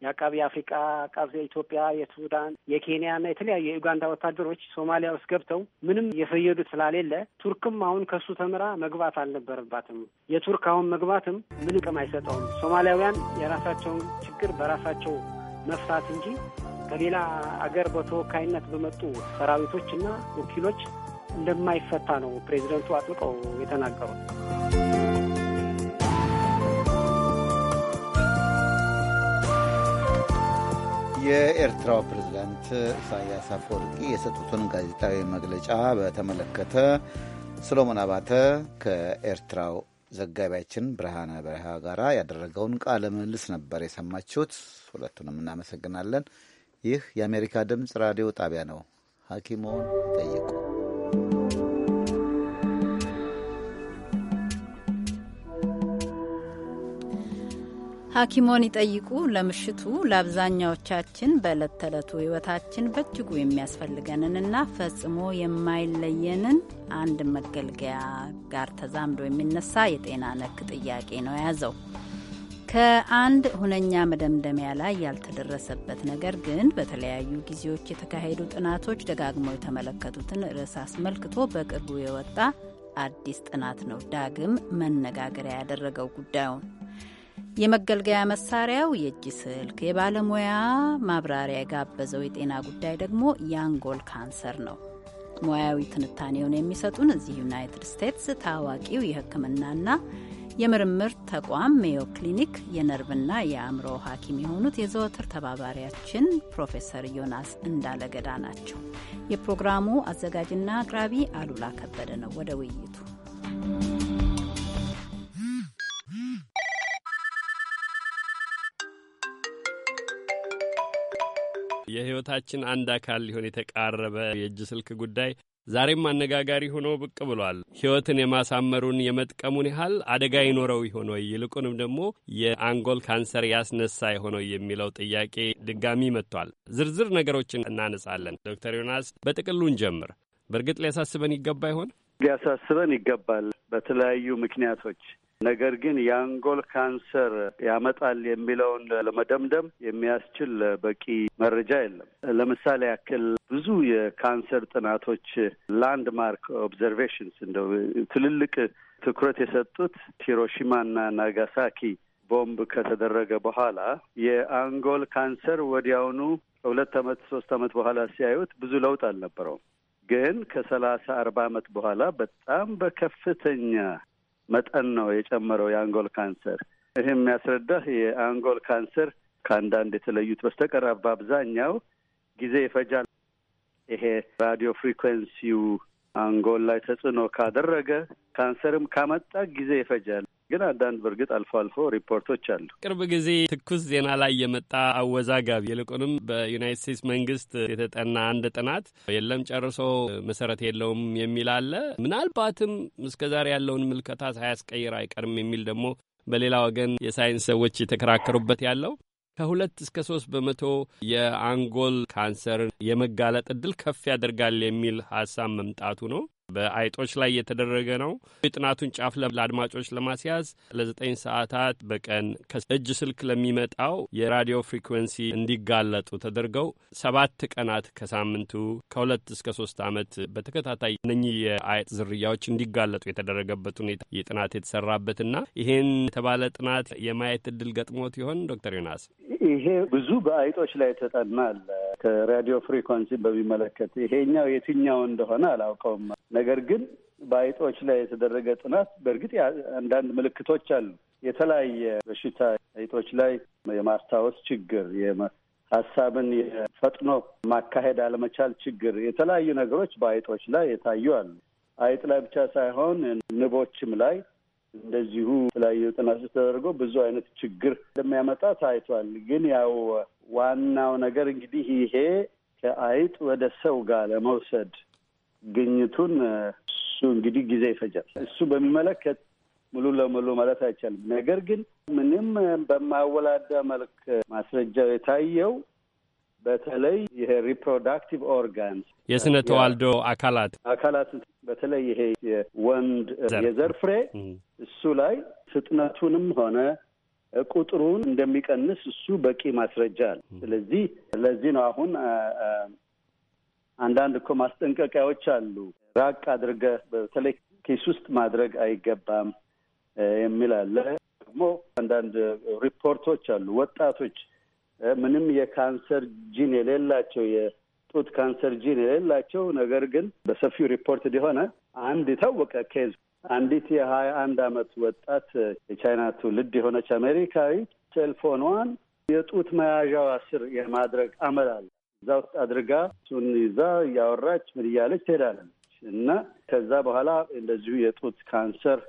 የአቃቢ አፍሪቃ፣ አቃቢ ኢትዮጵያ፣ የሱዳን፣ የኬንያና የተለያዩ የዩጋንዳ ወታደሮች ሶማሊያ ውስጥ ገብተው ምንም የፈየዱት ስላሌለ ቱርክም አሁን ከሱ ተምራ መግባት አልነበረባትም። የቱርክ አሁን መግባትም ምን ቅም አይሰጠውም። ሶማሊያውያን የራሳቸውን ችግር በራሳቸው መፍታት እንጂ ከሌላ አገር በተወካይነት በመጡ ሰራዊቶች እና ወኪሎች እንደማይፈታ ነው ፕሬዚደንቱ አጥብቀው የተናገሩት። የኤርትራው ፕሬዝዳንት ኢሳያስ አፈወርቂ የሰጡትን ጋዜጣዊ መግለጫ በተመለከተ ሰሎሞን አባተ ከኤርትራው ዘጋቢያችን ብርሃነ በረሃ ጋር ያደረገውን ቃለ ምልልስ ነበር የሰማችሁት። ሁለቱንም እናመሰግናለን። ይህ የአሜሪካ ድምፅ ራዲዮ ጣቢያ ነው። ሐኪሞን ጠይቁ ሐኪሞን ይጠይቁ ለምሽቱ ለአብዛኛዎቻችን በዕለት ተዕለቱ ሕይወታችን በእጅጉ የሚያስፈልገንንና ፈጽሞ የማይለየንን አንድ መገልገያ ጋር ተዛምዶ የሚነሳ የጤና ነክ ጥያቄ ነው የያዘው። ከአንድ ሁነኛ መደምደሚያ ላይ ያልተደረሰበት ነገር ግን በተለያዩ ጊዜዎች የተካሄዱ ጥናቶች ደጋግመው የተመለከቱትን ርዕስ አስመልክቶ በቅርቡ የወጣ አዲስ ጥናት ነው ዳግም መነጋገሪያ ያደረገው ጉዳዩን የመገልገያ መሳሪያው የእጅ ስልክ፣ የባለሙያ ማብራሪያ የጋበዘው የጤና ጉዳይ ደግሞ የአንጎል ካንሰር ነው። ሙያዊ ትንታኔውን የሚሰጡን እዚህ ዩናይትድ ስቴትስ ታዋቂው የሕክምናና የምርምር ተቋም ሜዮ ክሊኒክ የነርቭና የአእምሮ ሐኪም የሆኑት የዘወትር ተባባሪያችን ፕሮፌሰር ዮናስ እንዳለገዳ ናቸው። የፕሮግራሙ አዘጋጅና አቅራቢ አሉላ ከበደ ነው። ወደ ውይይቱ የህይወታችን አንድ አካል ሊሆን የተቃረበ የእጅ ስልክ ጉዳይ ዛሬም አነጋጋሪ ሆኖ ብቅ ብሏል። ህይወትን የማሳመሩን የመጥቀሙን ያህል አደጋ ይኖረው ይሆን ወይ፣ ይልቁንም ደግሞ የአንጎል ካንሰር ያስነሳ የሆነው የሚለው ጥያቄ ድጋሚ መጥቷል። ዝርዝር ነገሮችን እናነሳለን። ዶክተር ዮናስ በጥቅሉን ጀምር በእርግጥ ሊያሳስበን ይገባ ይሆን? ሊያሳስበን ይገባል። በተለያዩ ምክንያቶች ነገር ግን የአንጎል ካንሰር ያመጣል የሚለውን ለመደምደም የሚያስችል በቂ መረጃ የለም። ለምሳሌ ያክል ብዙ የካንሰር ጥናቶች ላንድማርክ ኦብዘርቬሽንስ እንደው ትልልቅ ትኩረት የሰጡት ሂሮሺማና ናጋሳኪ ቦምብ ከተደረገ በኋላ የአንጎል ካንሰር ወዲያውኑ ከሁለት አመት ሶስት አመት በኋላ ሲያዩት ብዙ ለውጥ አልነበረውም። ግን ከሰላሳ አርባ አመት በኋላ በጣም በከፍተኛ መጠን ነው የጨመረው የአንጎል ካንሰር። ይህ የሚያስረዳህ የአንጎል ካንሰር ከአንዳንድ የተለዩት በስተቀር በአብዛኛው ጊዜ ይፈጃል። ይሄ ራዲዮ ፍሪኩዌንሲው አንጎል ላይ ተጽዕኖ ካደረገ ካንሰርም ካመጣ ጊዜ ይፈጃል። ግን አንዳንድ በእርግጥ አልፎ አልፎ ሪፖርቶች አሉ። ቅርብ ጊዜ ትኩስ ዜና ላይ የመጣ አወዛጋቢ ይልቁንም በዩናይት ስቴትስ መንግስት የተጠና አንድ ጥናት የለም ጨርሶ መሰረት የለውም የሚል አለ። ምናልባትም እስከዛሬ ያለውን ምልከታ ሳያስቀይር አይቀርም የሚል ደግሞ በሌላ ወገን የሳይንስ ሰዎች የተከራከሩበት ያለው ከሁለት እስከ ሶስት በመቶ የአንጎል ካንሰር የመጋለጥ እድል ከፍ ያደርጋል የሚል ሀሳብ መምጣቱ ነው። በአይጦች ላይ የተደረገ ነው። የጥናቱን ጫፍ ለአድማጮች ለማስያዝ ለዘጠኝ ሰዓታት በቀን ከእጅ ስልክ ለሚመጣው የራዲዮ ፍሪኩዌንሲ እንዲጋለጡ ተደርገው ሰባት ቀናት ከሳምንቱ ከሁለት እስከ ሶስት ዓመት በተከታታይ እነኚህ የአይጥ ዝርያዎች እንዲጋለጡ የተደረገበት ሁኔታ የጥናት የተሰራበትና ይሄን የተባለ ጥናት የማየት እድል ገጥሞት ይሆን ዶክተር ዮናስ? ይሄ ብዙ በአይጦች ላይ ተጠናል። ከራዲዮ ፍሪኮንሲ በሚመለከት ይሄኛው የትኛው እንደሆነ አላውቀውም። ነገር ግን በአይጦች ላይ የተደረገ ጥናት በእርግጥ አንዳንድ ምልክቶች አሉ። የተለያየ በሽታ አይጦች ላይ የማስታወስ ችግር፣ ሀሳብን ፈጥኖ ማካሄድ አለመቻል ችግር፣ የተለያዩ ነገሮች በአይጦች ላይ የታዩ አሉ። አይጥ ላይ ብቻ ሳይሆን ንቦችም ላይ እንደዚሁ የተለያዩ ጥናቶች ተደርጎ ብዙ አይነት ችግር እንደሚያመጣ ታይቷል። ግን ያው ዋናው ነገር እንግዲህ ይሄ ከአይጥ ወደ ሰው ጋር ለመውሰድ ግኝቱን እሱ እንግዲህ ጊዜ ይፈጃል። እሱ በሚመለከት ሙሉ ለሙሉ ማለት አይቻልም። ነገር ግን ምንም በማወላዳ መልክ ማስረጃው የታየው በተለይ ይሄ ሪፕሮዳክቲቭ ኦርጋን የስነ ተዋልዶ አካላት አካላት በተለይ ይሄ የወንድ የዘር ፍሬ እሱ ላይ ፍጥነቱንም ሆነ ቁጥሩን እንደሚቀንስ እሱ በቂ ማስረጃ ስለዚህ ለዚህ ነው አሁን አንዳንድ እኮ ማስጠንቀቂያዎች አሉ። ራቅ አድርገህ በተለይ ኪስ ውስጥ ማድረግ አይገባም የሚል አለ። ደግሞ አንዳንድ ሪፖርቶች አሉ። ወጣቶች ምንም የካንሰር ጂን የሌላቸው የጡት ካንሰር ጂን የሌላቸው ነገር ግን በሰፊው ሪፖርት እንዲሆነ አንድ የታወቀ ኬዝ አንዲት የሀያ አንድ አመት ወጣት የቻይና ትውልድ የሆነች አሜሪካዊ ቴልፎኗን የጡት መያዣዋ ስር የማድረግ አመል አለ። እዛ ውስጥ አድርጋ እሱን ይዛ እያወራች ምን እያለች ትሄዳለች እና ከዛ በኋላ እንደዚሁ የጡት ካንሰር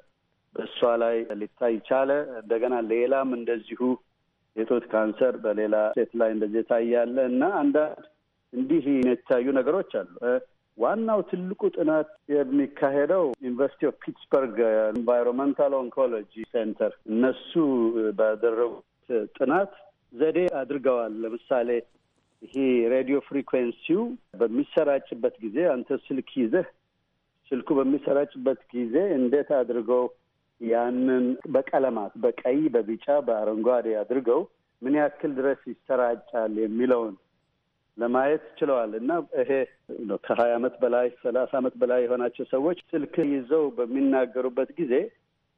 በእሷ ላይ ሊታይ ቻለ። እንደገና ሌላም እንደዚሁ የጡት ካንሰር በሌላ ሴት ላይ እንደዚህ ታያለ እና አንዳንድ እንዲህ የተያዩ ነገሮች አሉ። ዋናው ትልቁ ጥናት የሚካሄደው ዩኒቨርሲቲ ኦፍ ፒትስበርግ ኤንቫይሮንመንታል ኦንኮሎጂ ሴንተር እነሱ ባደረጉት ጥናት ዘዴ አድርገዋል። ለምሳሌ ይሄ ሬዲዮ ፍሪኩዌንሲው በሚሰራጭበት ጊዜ አንተ ስልክ ይዘህ ስልኩ በሚሰራጭበት ጊዜ እንዴት አድርገው ያንን በቀለማት በቀይ፣ በቢጫ፣ በአረንጓዴ አድርገው ምን ያክል ድረስ ይሰራጫል የሚለውን ለማየት ችለዋል። እና ይሄ ከሀያ አመት በላይ ሰላሳ አመት በላይ የሆናቸው ሰዎች ስልክ ይዘው በሚናገሩበት ጊዜ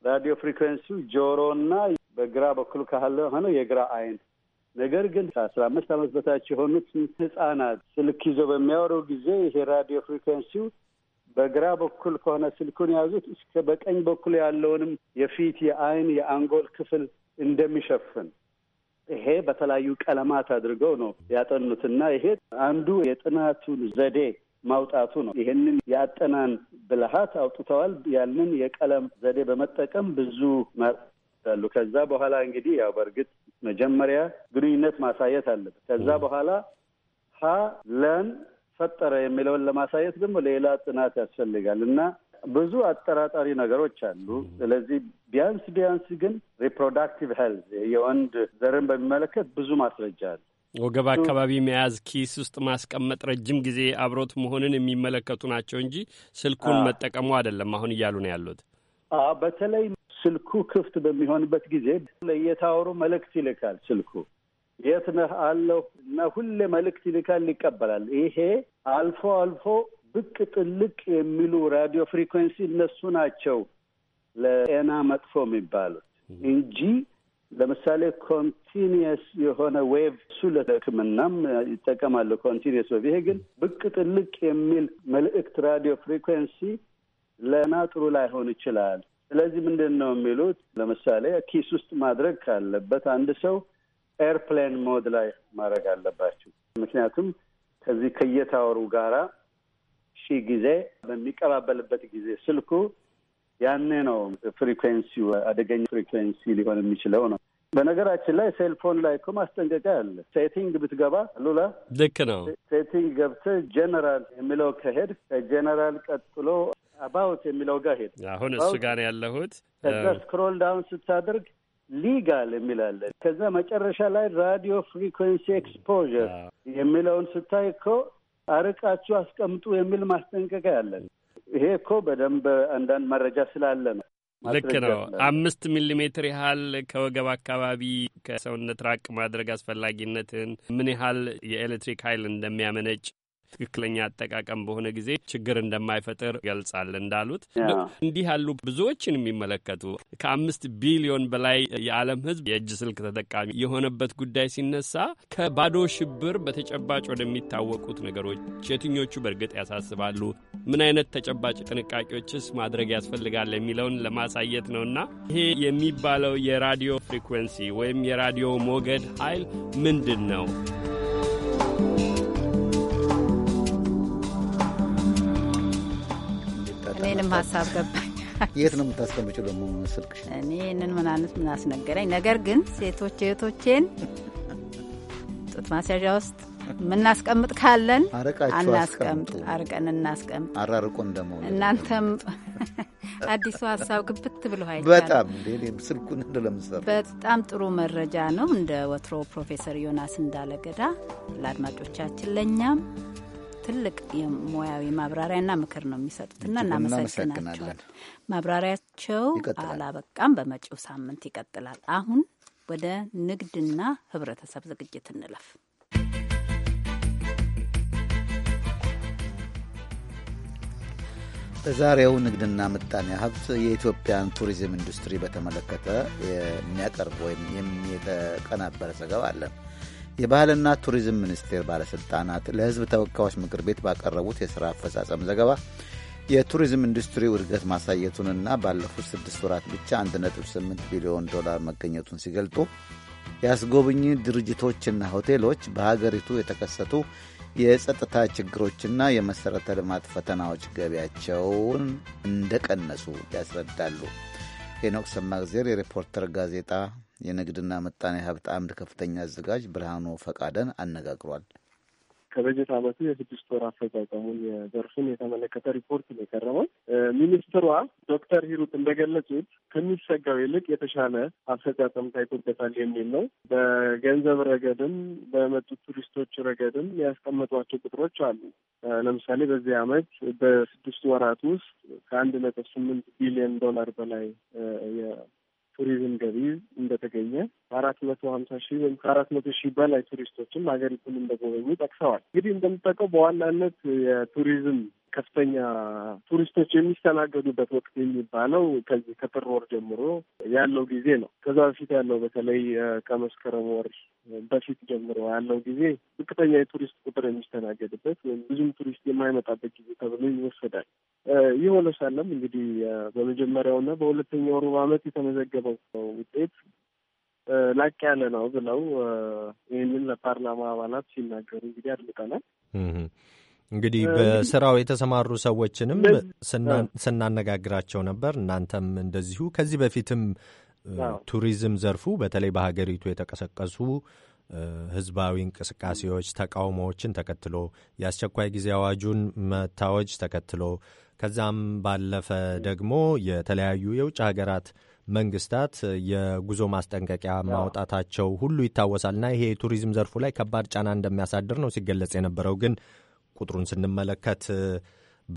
ራዲዮ ፍሪኩዌንሲው ጆሮና በግራ በኩል ካለ ሆነ የግራ አይን ነገር ግን ከአስራ አምስት ዓመት በታች የሆኑት ህጻናት ስልክ ይዞ በሚያወሩ ጊዜ ይሄ ራዲዮ ፍሪኮንሲው በግራ በኩል ከሆነ ስልኩን የያዙት እስከ በቀኝ በኩል ያለውንም የፊት፣ የአይን፣ የአንጎል ክፍል እንደሚሸፍን ይሄ በተለያዩ ቀለማት አድርገው ነው ያጠኑትና ይሄ አንዱ የጥናቱን ዘዴ ማውጣቱ ነው። ይሄንን የአጠናን ብልሃት አውጥተዋል። ያንን የቀለም ዘዴ በመጠቀም ብዙ ይሰጣሉ። ከዛ በኋላ እንግዲህ ያው በእርግጥ መጀመሪያ ግንኙነት ማሳየት አለበት። ከዛ በኋላ ሀ ለን ፈጠረ የሚለውን ለማሳየት ደግሞ ሌላ ጥናት ያስፈልጋል እና ብዙ አጠራጣሪ ነገሮች አሉ። ስለዚህ ቢያንስ ቢያንስ ግን ሪፕሮዳክቲቭ ሄልዝ የወንድ ዘርን በሚመለከት ብዙ ማስረጃ አለ። ወገብ አካባቢ መያዝ፣ ኪስ ውስጥ ማስቀመጥ፣ ረጅም ጊዜ አብሮት መሆንን የሚመለከቱ ናቸው እንጂ ስልኩን መጠቀሙ አይደለም አሁን እያሉ ነው ያሉት። በተለይ ስልኩ ክፍት በሚሆንበት ጊዜ ለየታወሩ መልእክት ይልካል። ስልኩ የት ነህ አለሁ እና ሁሌ መልእክት ይልካል፣ ይቀበላል። ይሄ አልፎ አልፎ ብቅ ጥልቅ የሚሉ ራዲዮ ፍሪኩዌንሲ እነሱ ናቸው ለጤና መጥፎ የሚባሉት እንጂ ለምሳሌ ኮንቲኒየስ የሆነ ዌቭ እሱ ለሕክምናም ይጠቀማሉ። ኮንቲኒየስ ዌቭ ይሄ ግን ብቅ ጥልቅ የሚል መልእክት ራዲዮ ፍሪኩዌንሲ ለና ጥሩ ላይሆን ይችላል። ስለዚህ ምንድን ነው የሚሉት ለምሳሌ ኪስ ውስጥ ማድረግ ካለበት አንድ ሰው ኤርፕሌን ሞድ ላይ ማድረግ አለባቸው። ምክንያቱም ከዚህ ከየታወሩ ጋራ ሺህ ጊዜ በሚቀባበልበት ጊዜ ስልኩ ያኔ ነው ፍሪኩዌንሲ አደገኛ ፍሪኩዌንሲ ሊሆን የሚችለው ነው። በነገራችን ላይ ሴልፎን ላይ እኮ ማስጠንቀቂያ አለ። ሴቲንግ ብትገባ ሉላ ልክ ነው። ሴቲንግ ገብተህ ጀነራል የሚለው ከሄድ ከጀነራል ቀጥሎ አባውት የሚለው ጋር ሄድ። አሁን እሱ ጋር ያለሁት ከዛ ስክሮል ዳውን ስታደርግ ሊጋል የሚላለ ከዛ መጨረሻ ላይ ራዲዮ ፍሪኮንሲ ኤክስፖር የሚለውን ስታይ እኮ አርቃችሁ አስቀምጡ የሚል ማስጠንቀቂያ አለን። ይሄ እኮ በደንብ አንዳንድ መረጃ ስላለ ነው። ልክ ነው። አምስት ሚሊሜትር ያህል ከወገብ አካባቢ ከሰውነት ራቅ ማድረግ አስፈላጊነትን ምን ያህል የኤሌክትሪክ ኃይል እንደሚያመነጭ ትክክለኛ አጠቃቀም በሆነ ጊዜ ችግር እንደማይፈጥር ገልጻል። እንዳሉት እንዲህ ያሉ ብዙዎችን የሚመለከቱ ከአምስት ቢሊዮን በላይ የዓለም ሕዝብ የእጅ ስልክ ተጠቃሚ የሆነበት ጉዳይ ሲነሳ ከባዶ ሽብር በተጨባጭ ወደሚታወቁት ነገሮች የትኞቹ በእርግጥ ያሳስባሉ፣ ምን አይነት ተጨባጭ ጥንቃቄዎችስ ማድረግ ያስፈልጋል የሚለውን ለማሳየት ነውና ይሄ የሚባለው የራዲዮ ፍሪኩዌንሲ ወይም የራዲዮ ሞገድ ኃይል ምንድን ነው? እኔንም ሀሳብ ገባኝ። የት ነው የምታስቀምጪው ደግሞ ስልክሽ? እኔ ይህንን ምን ምን አስነገረኝ። ነገር ግን ሴቶች እህቶቼን ጡት ማስያዣ ውስጥ የምናስቀምጥ ካለን አናስቀምጥ፣ አርቀን እናስቀምጥ። አራርቁን ደግሞ እናንተም አዲሱ ሀሳብ ግብት ብሎ አይ በጣም ስልኩን እንደለምሰር በጣም ጥሩ መረጃ ነው። እንደ ወትሮ ፕሮፌሰር ዮናስ እንዳለገዳ ለአድማጮቻችን ለእኛም ትልቅ የሙያዊ ማብራሪያና ምክር ነው የሚሰጡትና እናመሰግናቸዋል። ማብራሪያቸው አላበቃም፣ በመጪው ሳምንት ይቀጥላል። አሁን ወደ ንግድና ህብረተሰብ ዝግጅት እንለፍ። በዛሬው ንግድና ምጣኔ ሀብት የኢትዮጵያን ቱሪዝም ኢንዱስትሪ በተመለከተ የሚያቀርብ ወይም የተቀናበረ ዘገባ አለን። የባህልና ቱሪዝም ሚኒስቴር ባለሥልጣናት ለሕዝብ ተወካዮች ምክር ቤት ባቀረቡት የሥራ አፈጻጸም ዘገባ የቱሪዝም ኢንዱስትሪ እድገት ማሳየቱንና ባለፉት ስድስት ወራት ብቻ 1.8 ቢሊዮን ዶላር መገኘቱን ሲገልጡ የአስጎብኝ ድርጅቶችና ሆቴሎች በሀገሪቱ የተከሰቱ የጸጥታ ችግሮችና የመሠረተ ልማት ፈተናዎች ገቢያቸውን እንደቀነሱ ያስረዳሉ። ሄኖክ ሰማግዜር የሪፖርተር ጋዜጣ የንግድና ምጣኔ ሀብት አምድ ከፍተኛ አዘጋጅ ብርሃኑ ፈቃደን አነጋግሯል። ከበጀት ዓመቱ የስድስት ወር አፈጻጸሙን የዘርፉን የተመለከተ ሪፖርት ነው የቀረበው። ሚኒስትሯ ዶክተር ሂሩት እንደገለጹት ከሚሰጋው ይልቅ የተሻለ አፈጻጸም ታይቶበታል የሚል ነው። በገንዘብ ረገድም በመጡት ቱሪስቶች ረገድም ያስቀመጧቸው ቁጥሮች አሉ። ለምሳሌ በዚህ ዓመት በስድስት ወራት ውስጥ ከአንድ ነጥብ ስምንት ቢሊዮን ዶላር በላይ ቱሪዝም ገቢ እንደተገኘ አራት መቶ ሀምሳ ሺህ ወይም ከአራት መቶ ሺህ በላይ ቱሪስቶችም ሀገሪቱን እንደጎበኙ ጠቅሰዋል። እንግዲህ እንደምታውቀው በዋናነት የቱሪዝም ከፍተኛ ቱሪስቶች የሚስተናገዱበት ወቅት የሚባለው ከዚህ ከጥር ወር ጀምሮ ያለው ጊዜ ነው። ከዛ በፊት ያለው በተለይ ከመስከረም ወር በፊት ጀምሮ ያለው ጊዜ ዝቅተኛ የቱሪስት ቁጥር የሚስተናገድበት ወይም ብዙም ቱሪስት የማይመጣበት ጊዜ ተብሎ ይወሰዳል። ይህ ሆኖ ሳለም እንግዲህ በመጀመሪያውና በሁለተኛው ሩብ ዓመት የተመዘገበው ውጤት ላቅ ያለ ነው ብለው ይህንን ለፓርላማ አባላት ሲናገሩ እንግዲህ አድምጠናል። እንግዲህ በስራው የተሰማሩ ሰዎችንም ስናነጋግራቸው ነበር። እናንተም እንደዚሁ ከዚህ በፊትም ቱሪዝም ዘርፉ በተለይ በሀገሪቱ የተቀሰቀሱ ህዝባዊ እንቅስቃሴዎች፣ ተቃውሞዎችን ተከትሎ የአስቸኳይ ጊዜ አዋጁን መታወጅ ተከትሎ ከዛም ባለፈ ደግሞ የተለያዩ የውጭ ሀገራት መንግስታት የጉዞ ማስጠንቀቂያ ማውጣታቸው ሁሉ ይታወሳል። እና ይሄ የቱሪዝም ዘርፉ ላይ ከባድ ጫና እንደሚያሳድር ነው ሲገለጽ የነበረው ግን ቁጥሩን ስንመለከት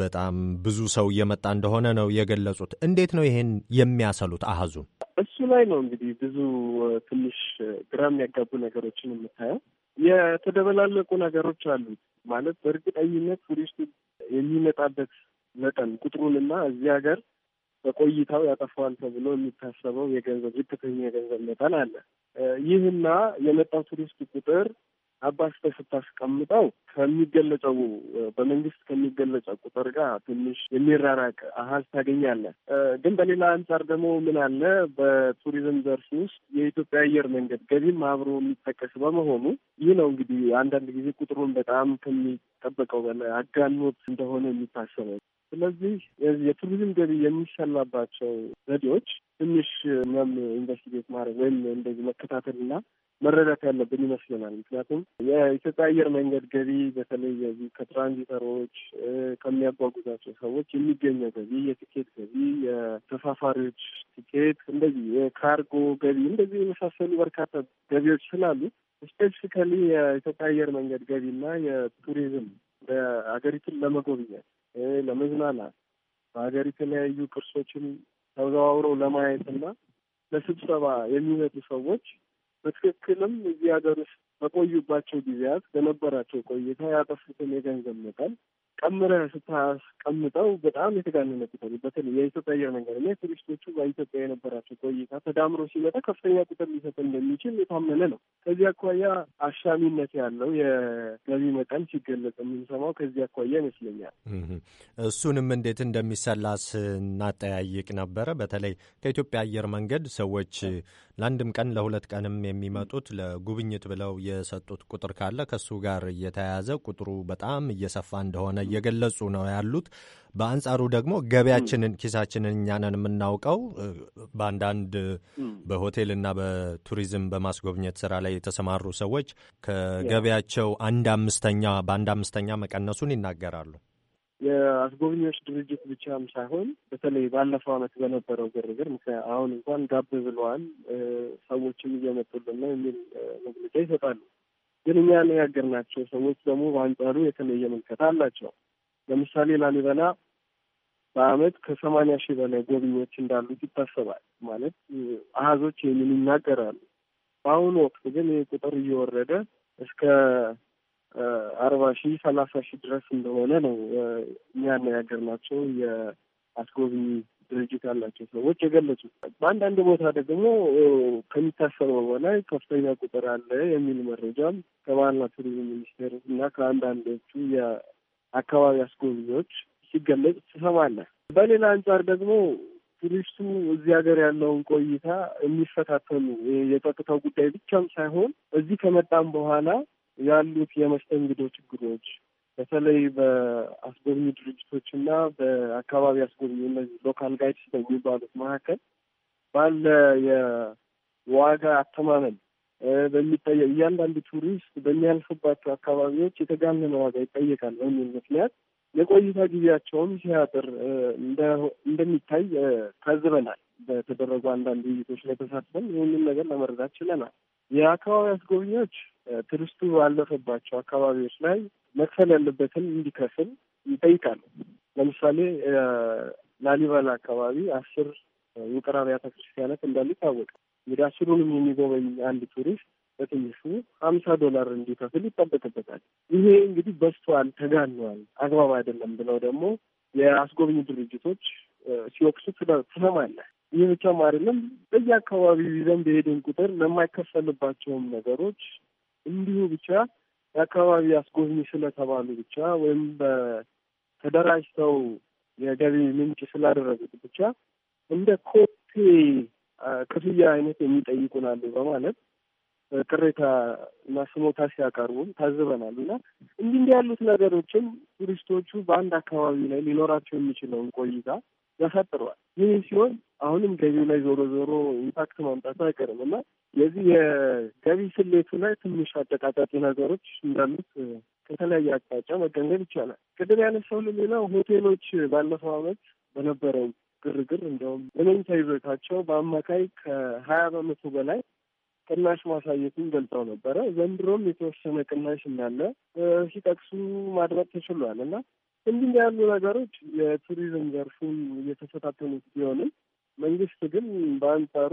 በጣም ብዙ ሰው እየመጣ እንደሆነ ነው የገለጹት። እንዴት ነው ይሄን የሚያሰሉት አሃዙን? እሱ ላይ ነው እንግዲህ ብዙ ትንሽ ግራ የሚያጋቡ ነገሮችን የምታየው የተደበላለቁ ነገሮች አሉት። ማለት በእርግጠኝነት ቱሪስቱ የሚመጣበት መጠን ቁጥሩንና እዚህ ሀገር በቆይታው ያጠፋዋል ተብሎ የሚታሰበው የገንዘብ ዝቅተኛ የገንዘብ መጠን አለ። ይህና የመጣው ቱሪስት ቁጥር አባስተህ ስታስቀምጠው ከሚገለጸው በመንግስት ከሚገለጸው ቁጥር ጋር ትንሽ የሚራራቅ አሀዝ ታገኛለህ። ግን በሌላ አንጻር ደግሞ ምን አለ በቱሪዝም ዘርፍ ውስጥ የኢትዮጵያ አየር መንገድ ገቢም አብሮ የሚጠቀስ በመሆኑ ይህ ነው እንግዲህ አንዳንድ ጊዜ ቁጥሩን በጣም ከሚጠበቀው በላይ አጋኖት እንደሆነ የሚታሰበው። ስለዚህ የቱሪዝም ገቢ የሚሰላባቸው ዘዴዎች ትንሽ መም ኢንቨስቲጌት ማድረግ ወይም እንደዚህ መከታተልና መረዳት ያለብን ይመስለናል። ምክንያቱም የኢትዮጵያ አየር መንገድ ገቢ በተለይ የዚህ ከትራንዚተሮች ከሚያጓጉዛቸው ሰዎች የሚገኘው ገቢ፣ የትኬት ገቢ፣ የተሳፋሪዎች ትኬት እንደዚህ የካርጎ ገቢ፣ እንደዚህ የመሳሰሉ በርካታ ገቢዎች ስላሉ ስፔሲፊካሊ የኢትዮጵያ አየር መንገድ ገቢና የቱሪዝም በሀገሪቱን ለመጎብኘት ለመዝናናት በሀገር የተለያዩ ቅርሶችን ተዘዋውረው ለማየትና ለስብሰባ የሚመጡ ሰዎች በትክክልም እዚህ ሀገር ውስጥ በቆዩባቸው ጊዜያት በነበራቸው ቆይታ ያጠፉትን የገንዘብ መጠን ቀምረህ ስታስቀምጠው በጣም የተጋነነ ቁጥር በተለይ የኢትዮጵያ አየር መንገድ እና የቱሪስቶቹ በኢትዮጵያ የነበራቸው ቆይታ ተዳምሮ ሲመጣ ከፍተኛ ቁጥር ሊሰጥ እንደሚችል የታመነ ነው። ከዚህ አኳያ አሻሚነት ያለው የገቢ መጠን ሲገለጽ የምንሰማው ከዚህ አኳያ ይመስለኛል። እሱንም እንዴት እንደሚሰላ ስናጠያይቅ ነበረ። በተለይ ከኢትዮጵያ አየር መንገድ ሰዎች ለአንድም ቀን ለሁለት ቀንም የሚመጡት ለጉብኝት ብለው የሰጡት ቁጥር ካለ ከሱ ጋር እየተያያዘ ቁጥሩ በጣም እየሰፋ እንደሆነ እየገለጹ ነው ያሉት። በአንጻሩ ደግሞ ገቢያችንን ኪሳችንን እኛንን የምናውቀው በአንዳንድ በሆቴልና በቱሪዝም በማስጎብኘት ስራ ላይ የተሰማሩ ሰዎች ከገቢያቸው አንድ አምስተኛ በአንድ አምስተኛ መቀነሱን ይናገራሉ። የአስጎብኚዎች ድርጅት ብቻም ሳይሆን በተለይ ባለፈው ዓመት በነበረው ግርግር ምክንያት አሁን እንኳን ጋብ ብለዋል፣ ሰዎችም እየመጡልን ነው የሚል መግለጫ ይሰጣሉ። ግን እኛ ያነጋገርናቸው ሰዎች ደግሞ በአንጻሩ የተለየ ምልከታ አላቸው። ለምሳሌ ላሊበላ በአመት ከሰማንያ ሺህ በላይ ጎብኚዎች እንዳሉት ይታሰባል። ማለት አሀዞች ይህንን ይናገራሉ። በአሁኑ ወቅት ግን ይህ ቁጥር እየወረደ እስከ አርባ ሺህ ሰላሳ ሺህ ድረስ እንደሆነ ነው እኛ የሚያነጋገርናቸው የአስጎብኚ ድርጅት ያላቸው ሰዎች የገለጹት። በአንዳንድ ቦታ ደግሞ ከሚታሰበው በላይ ከፍተኛ ቁጥር አለ የሚል መረጃም ከባህልና ቱሪዝም ሚኒስቴር እና ከአንዳንዶቹ የአካባቢ አስጎብኚዎች ሲገለጽ ትሰማለህ። በሌላ አንጻር ደግሞ ቱሪስቱ እዚህ ሀገር ያለውን ቆይታ የሚፈታተኑ የጸጥታው ጉዳይ ብቻም ሳይሆን እዚህ ከመጣም በኋላ ያሉት የመስተንግዶ ችግሮች በተለይ በአስጎብኚ ድርጅቶች እና በአካባቢ አስጎብኚ እነዚህ ሎካል ጋይድስ በሚባሉት መካከል ባለ የዋጋ አተማመን በሚጠየቅ እያንዳንዱ ቱሪስት በሚያልፍባቸው አካባቢዎች የተጋነነ ዋጋ ይጠየቃል በሚል ምክንያት የቆይታ ጊዜያቸውም ሲያጥር እንደሚታይ ታዝበናል። በተደረጉ አንዳንድ ውይይቶች ላይ ተሳትፈን ይህንን ነገር ለመረዳት ችለናል። የአካባቢ አስጎብኚዎች ቱሪስቱ ባለፈባቸው አካባቢዎች ላይ መክፈል ያለበትን እንዲከፍል ይጠይቃል። ለምሳሌ ላሊበላ አካባቢ አስር ውቅር አብያተ ክርስቲያናት እንዳሉ ይታወቃል። እንግዲህ አስሩንም የሚጎበኝ አንድ ቱሪስት በትንሹ ሀምሳ ዶላር እንዲከፍል ይጠበቅበታል። ይሄ እንግዲህ በስቷል፣ ተጋኗል፣ አግባብ አይደለም ብለው ደግሞ የአስጎብኝ ድርጅቶች ሲወቅሱ ትሰማለህ። ይህ ብቻም አይደለም። በየአካባቢው ይዘን በሄድን ቁጥር ለማይከፈልባቸውም ነገሮች እንዲሁ ብቻ የአካባቢ አስጎብኚ ስለተባሉ ብቻ ወይም በተደራጅተው የገቢ ምንጭ ስላደረጉት ብቻ እንደ ኮቴ ክፍያ አይነት የሚጠይቁናሉ በማለት ቅሬታ እና ስሞታ ሲያቀርቡ ታዝበናል። እና እንዲህ እንዲህ ያሉት ነገሮችም ቱሪስቶቹ በአንድ አካባቢ ላይ ሊኖራቸው የሚችለውን ቆይታ ያሳጥረዋል። ይህ ሲሆን አሁንም ገቢው ላይ ዞሮ ዞሮ ኢምፓክት ማምጣቱ አይቀርም እና የዚህ የገቢ ስሌቱ ላይ ትንሽ አጠቃጣቂ ነገሮች እንዳሉት ከተለያየ አቅጣጫ መገንገብ ይቻላል። ቅድም ያነሳው ሌላው ሆቴሎች ባለፈው ዓመት በነበረው ግርግር እንዲያውም ለመኝታ ይዞታቸው በአማካይ ከሀያ በመቶ በላይ ቅናሽ ማሳየቱን ገልጸው ነበረ። ዘንድሮም የተወሰነ ቅናሽ እንዳለ ሲጠቅሱ ማድረግ ተችሏል እና እንዲህ ያሉ ነገሮች የቱሪዝም ዘርፉን እየተፈታተኑት ቢሆንም መንግስት ግን በአንጻሩ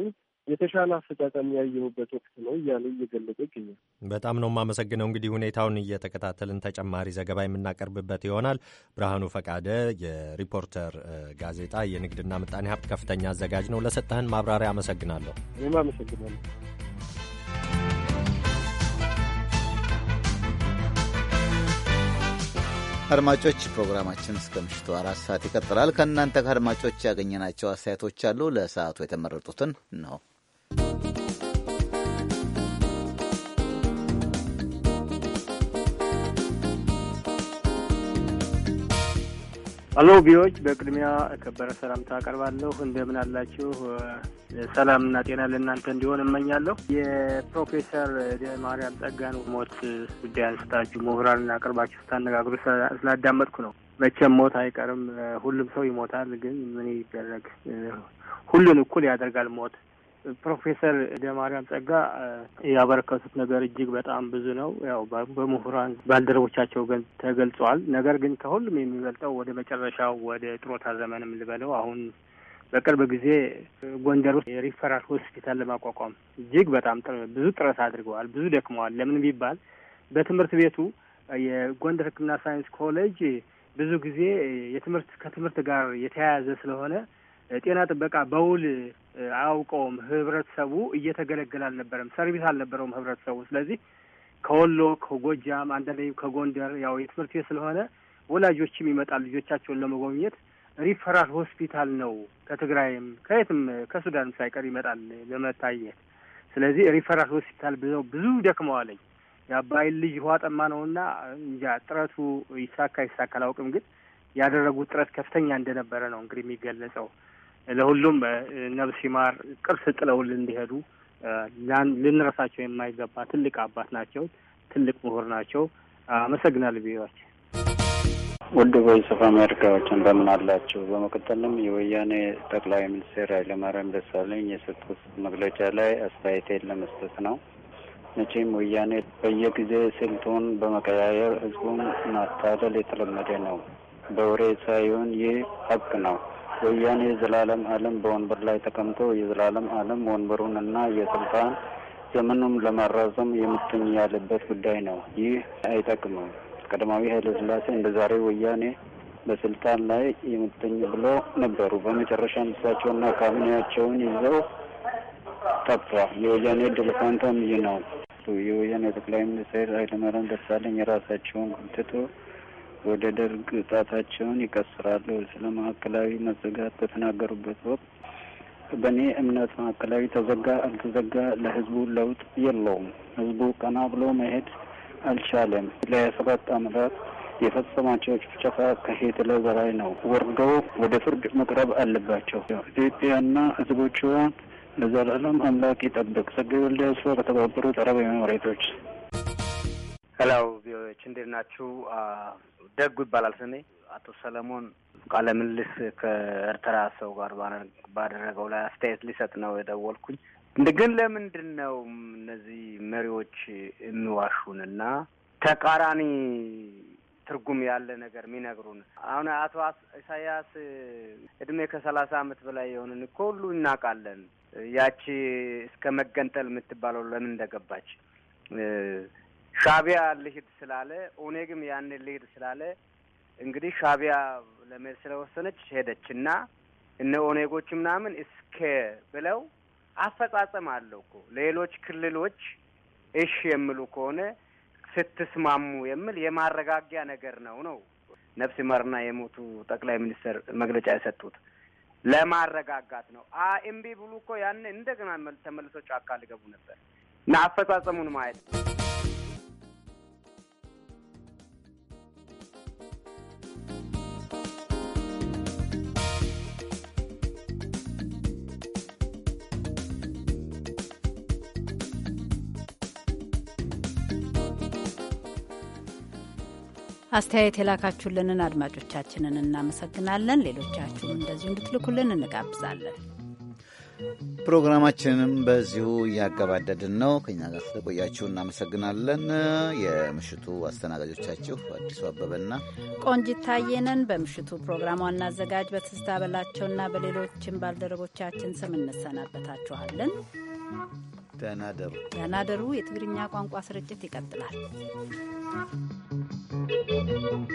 የተሻለ አፈጻጸም ያየሁበት ወቅት ነው እያለ እየገለጸ ይገኛል። በጣም ነው የማመሰግነው። እንግዲህ ሁኔታውን እየተከታተልን ተጨማሪ ዘገባ የምናቀርብበት ይሆናል። ብርሃኑ ፈቃደ የሪፖርተር ጋዜጣ የንግድና ምጣኔ ሀብት ከፍተኛ አዘጋጅ ነው። ለሰጠህን ማብራሪያ አመሰግናለሁ። እኔም አመሰግናለሁ። አድማጮች ፕሮግራማችን እስከ ምሽቱ አራት ሰዓት ይቀጥላል። ከእናንተ ከአድማጮች ያገኘናቸው አስተያየቶች አሉ። ለሰዓቱ የተመረጡትን ነው አሎ ቢዎች በቅድሚያ ከበረ ሰላምታ አቀርባለሁ። እንደምን አላችሁ? ሰላምና ጤና ለእናንተ እንዲሆን እመኛለሁ። የፕሮፌሰር ማርያም ጸጋን ሞት ጉዳይ አንስታችሁ ምሁራንን አቅርባችሁ ስታነጋግሩ ስላዳመጥኩ ነው። መቼም ሞት አይቀርም፣ ሁሉም ሰው ይሞታል። ግን ምን ይደረግ፣ ሁሉን እኩል ያደርጋል ሞት ፕሮፌሰር ደማርያም ጸጋ ያበረከቱት ነገር እጅግ በጣም ብዙ ነው። ያው በምሁራን ባልደረቦቻቸው ግን ተገልጿል። ነገር ግን ከሁሉም የሚበልጠው ወደ መጨረሻው ወደ ጥሮታ ዘመንም ልበለው አሁን በቅርብ ጊዜ ጎንደር ውስጥ የሪፈራል ሆስፒታል ለማቋቋም እጅግ በጣም ብዙ ጥረት አድርገዋል። ብዙ ደክመዋል። ለምን ቢባል በትምህርት ቤቱ የጎንደር ሕክምና ሳይንስ ኮሌጅ ብዙ ጊዜ የትምህርት ከትምህርት ጋር የተያያዘ ስለሆነ ጤና ጥበቃ በውል አያውቀውም። ህብረተሰቡ እየተገለገለ አልነበረም፣ ሰርቪስ አልነበረውም ህብረተሰቡ። ስለዚህ ከወሎ ከጎጃም አንዳንድ ከጎንደር ያው የትምህርት ቤት ስለሆነ ወላጆችም ይመጣል ልጆቻቸውን ለመጎብኘት ሪፈራል ሆስፒታል ነው። ከትግራይም ከየትም ከሱዳንም ሳይቀር ይመጣል ለመታየት። ስለዚህ ሪፈራል ሆስፒታል ብለው ብዙ ደክመዋለኝ። የአባይን ልጅ ውሃ ጠማ ነውና እንጃ ጥረቱ ይሳካ ይሳካ አላውቅም፣ ግን ያደረጉት ጥረት ከፍተኛ እንደነበረ ነው እንግዲህ የሚገለጸው። ለሁሉም ነብስ ይማር ቅርስ ጥለው እንዲሄዱ ልንረሳቸው የማይገባ ትልቅ አባት ናቸው። ትልቅ ምሁር ናቸው። አመሰግናል ብሄዎች ውድ ቮይስ ኦፍ አሜሪካዎች እንደምን አላችሁ? በመቀጠልም የወያኔ ጠቅላይ ሚኒስትር ኃይለማርያም ደሳለኝ የሰጡት መግለጫ ላይ አስተያየቴን ለመስጠት ነው። መቼም ወያኔ በየጊዜ ስልቱን በመቀያየር ህዝቡን ማታለል የተለመደ ነው። በወሬ ሳይሆን ይህ ሀቅ ነው። ወያኔ የዘላለም ዓለም በወንበር ላይ ተቀምጦ የዘላለም ዓለም ወንበሩን እና የስልጣን ዘመኑም ለማራዘም የምትኝ ያለበት ጉዳይ ነው። ይህ አይጠቅምም። ቀዳማዊ ኃይለ ሥላሴ እንደ ዛሬ ወያኔ በስልጣን ላይ የምትኝ ብሎ ነበሩ። በመጨረሻ እሳቸውና ካቢኔያቸውን ይዘው ጠፍቷል። የወያኔ ድል ፈንታም ይህ ነው። የወያኔ ጠቅላይ ሚኒስትር ኃይለማርያም ደሳለኝ የራሳቸውን ጉትቶ ወደ ደርግ ጣታቸውን ይቀስራሉ። ስለ ማዕከላዊ መዘጋት በተናገሩበት ወቅት በእኔ እምነት ማዕከላዊ ተዘጋ አልተዘጋ ለህዝቡ ለውጥ የለውም። ህዝቡ ቀና ብሎ መሄድ አልቻለም። ለሀያ ሰባት አመታት የፈጸማቸው ጭፍጨፋ ከሂትለር በላይ ነው። ወርደው ወደ ፍርድ መቅረብ አለባቸው። ኢትዮጵያና ህዝቦቿን ለዘላለም አምላክ ይጠብቅ። ጸጋዬ ወልደ አስፋው ከተባበሩት አረብ ኤሚሬቶች ሰላው ቪዎች እንዴት ናችሁ? ደጉ ይባላል ስሜ። አቶ ሰለሞን ቃለ ምልልስ ከኤርትራ ሰው ጋር ባደረገው ላይ አስተያየት ሊሰጥ ነው የደወልኩኝ። ግን ለምንድን ነው እነዚህ መሪዎች የሚዋሹንና ተቃራኒ ትርጉም ያለ ነገር የሚነግሩን? አሁን አቶ ኢሳያስ እድሜ ከሰላሳ አመት በላይ የሆንን እኮ ሁሉ እናውቃለን። ያቺ እስከ መገንጠል የምትባለው ለምን እንደገባች ሻቢያ ልሂድ ስላለ ኦኔግም ያንን ልሂድ ስላለ እንግዲህ ሻቢያ ለመሄድ ስለወሰነች ሄደች እና እነ ኦኔጎች ምናምን እስከ ብለው አፈጻጸም አለው እኮ ሌሎች ክልሎች እሽ የሚሉ ከሆነ ስትስማሙ የሚል የማረጋጊያ ነገር ነው ነው ነፍስ መርና የሞቱ ጠቅላይ ሚኒስትር መግለጫ የሰጡት ለማረጋጋት ነው። እምቢ ብሉ እኮ ያን እንደገና ተመልሶ ጫካ ሊገቡ ነበር እና አፈጻጸሙን ማየት አስተያየት የላካችሁልንን አድማጮቻችንን እናመሰግናለን። ሌሎቻችሁም እንደዚሁ እንድትልኩልን እንጋብዛለን። ፕሮግራማችንም በዚሁ እያገባደድን ነው። ከኛ ጋር ስለቆያችሁ እናመሰግናለን። የምሽቱ አስተናጋጆቻችሁ አዲሱ አበበና ቆንጂት ታየነን በምሽቱ ፕሮግራም ዋና አዘጋጅ በትዝታ በላቸውና በሌሎችም ባልደረቦቻችን ስም እንሰናበታችኋለን። ደናደሩ ደናደሩ የትግርኛ ቋንቋ ስርጭት ይቀጥላል። thank you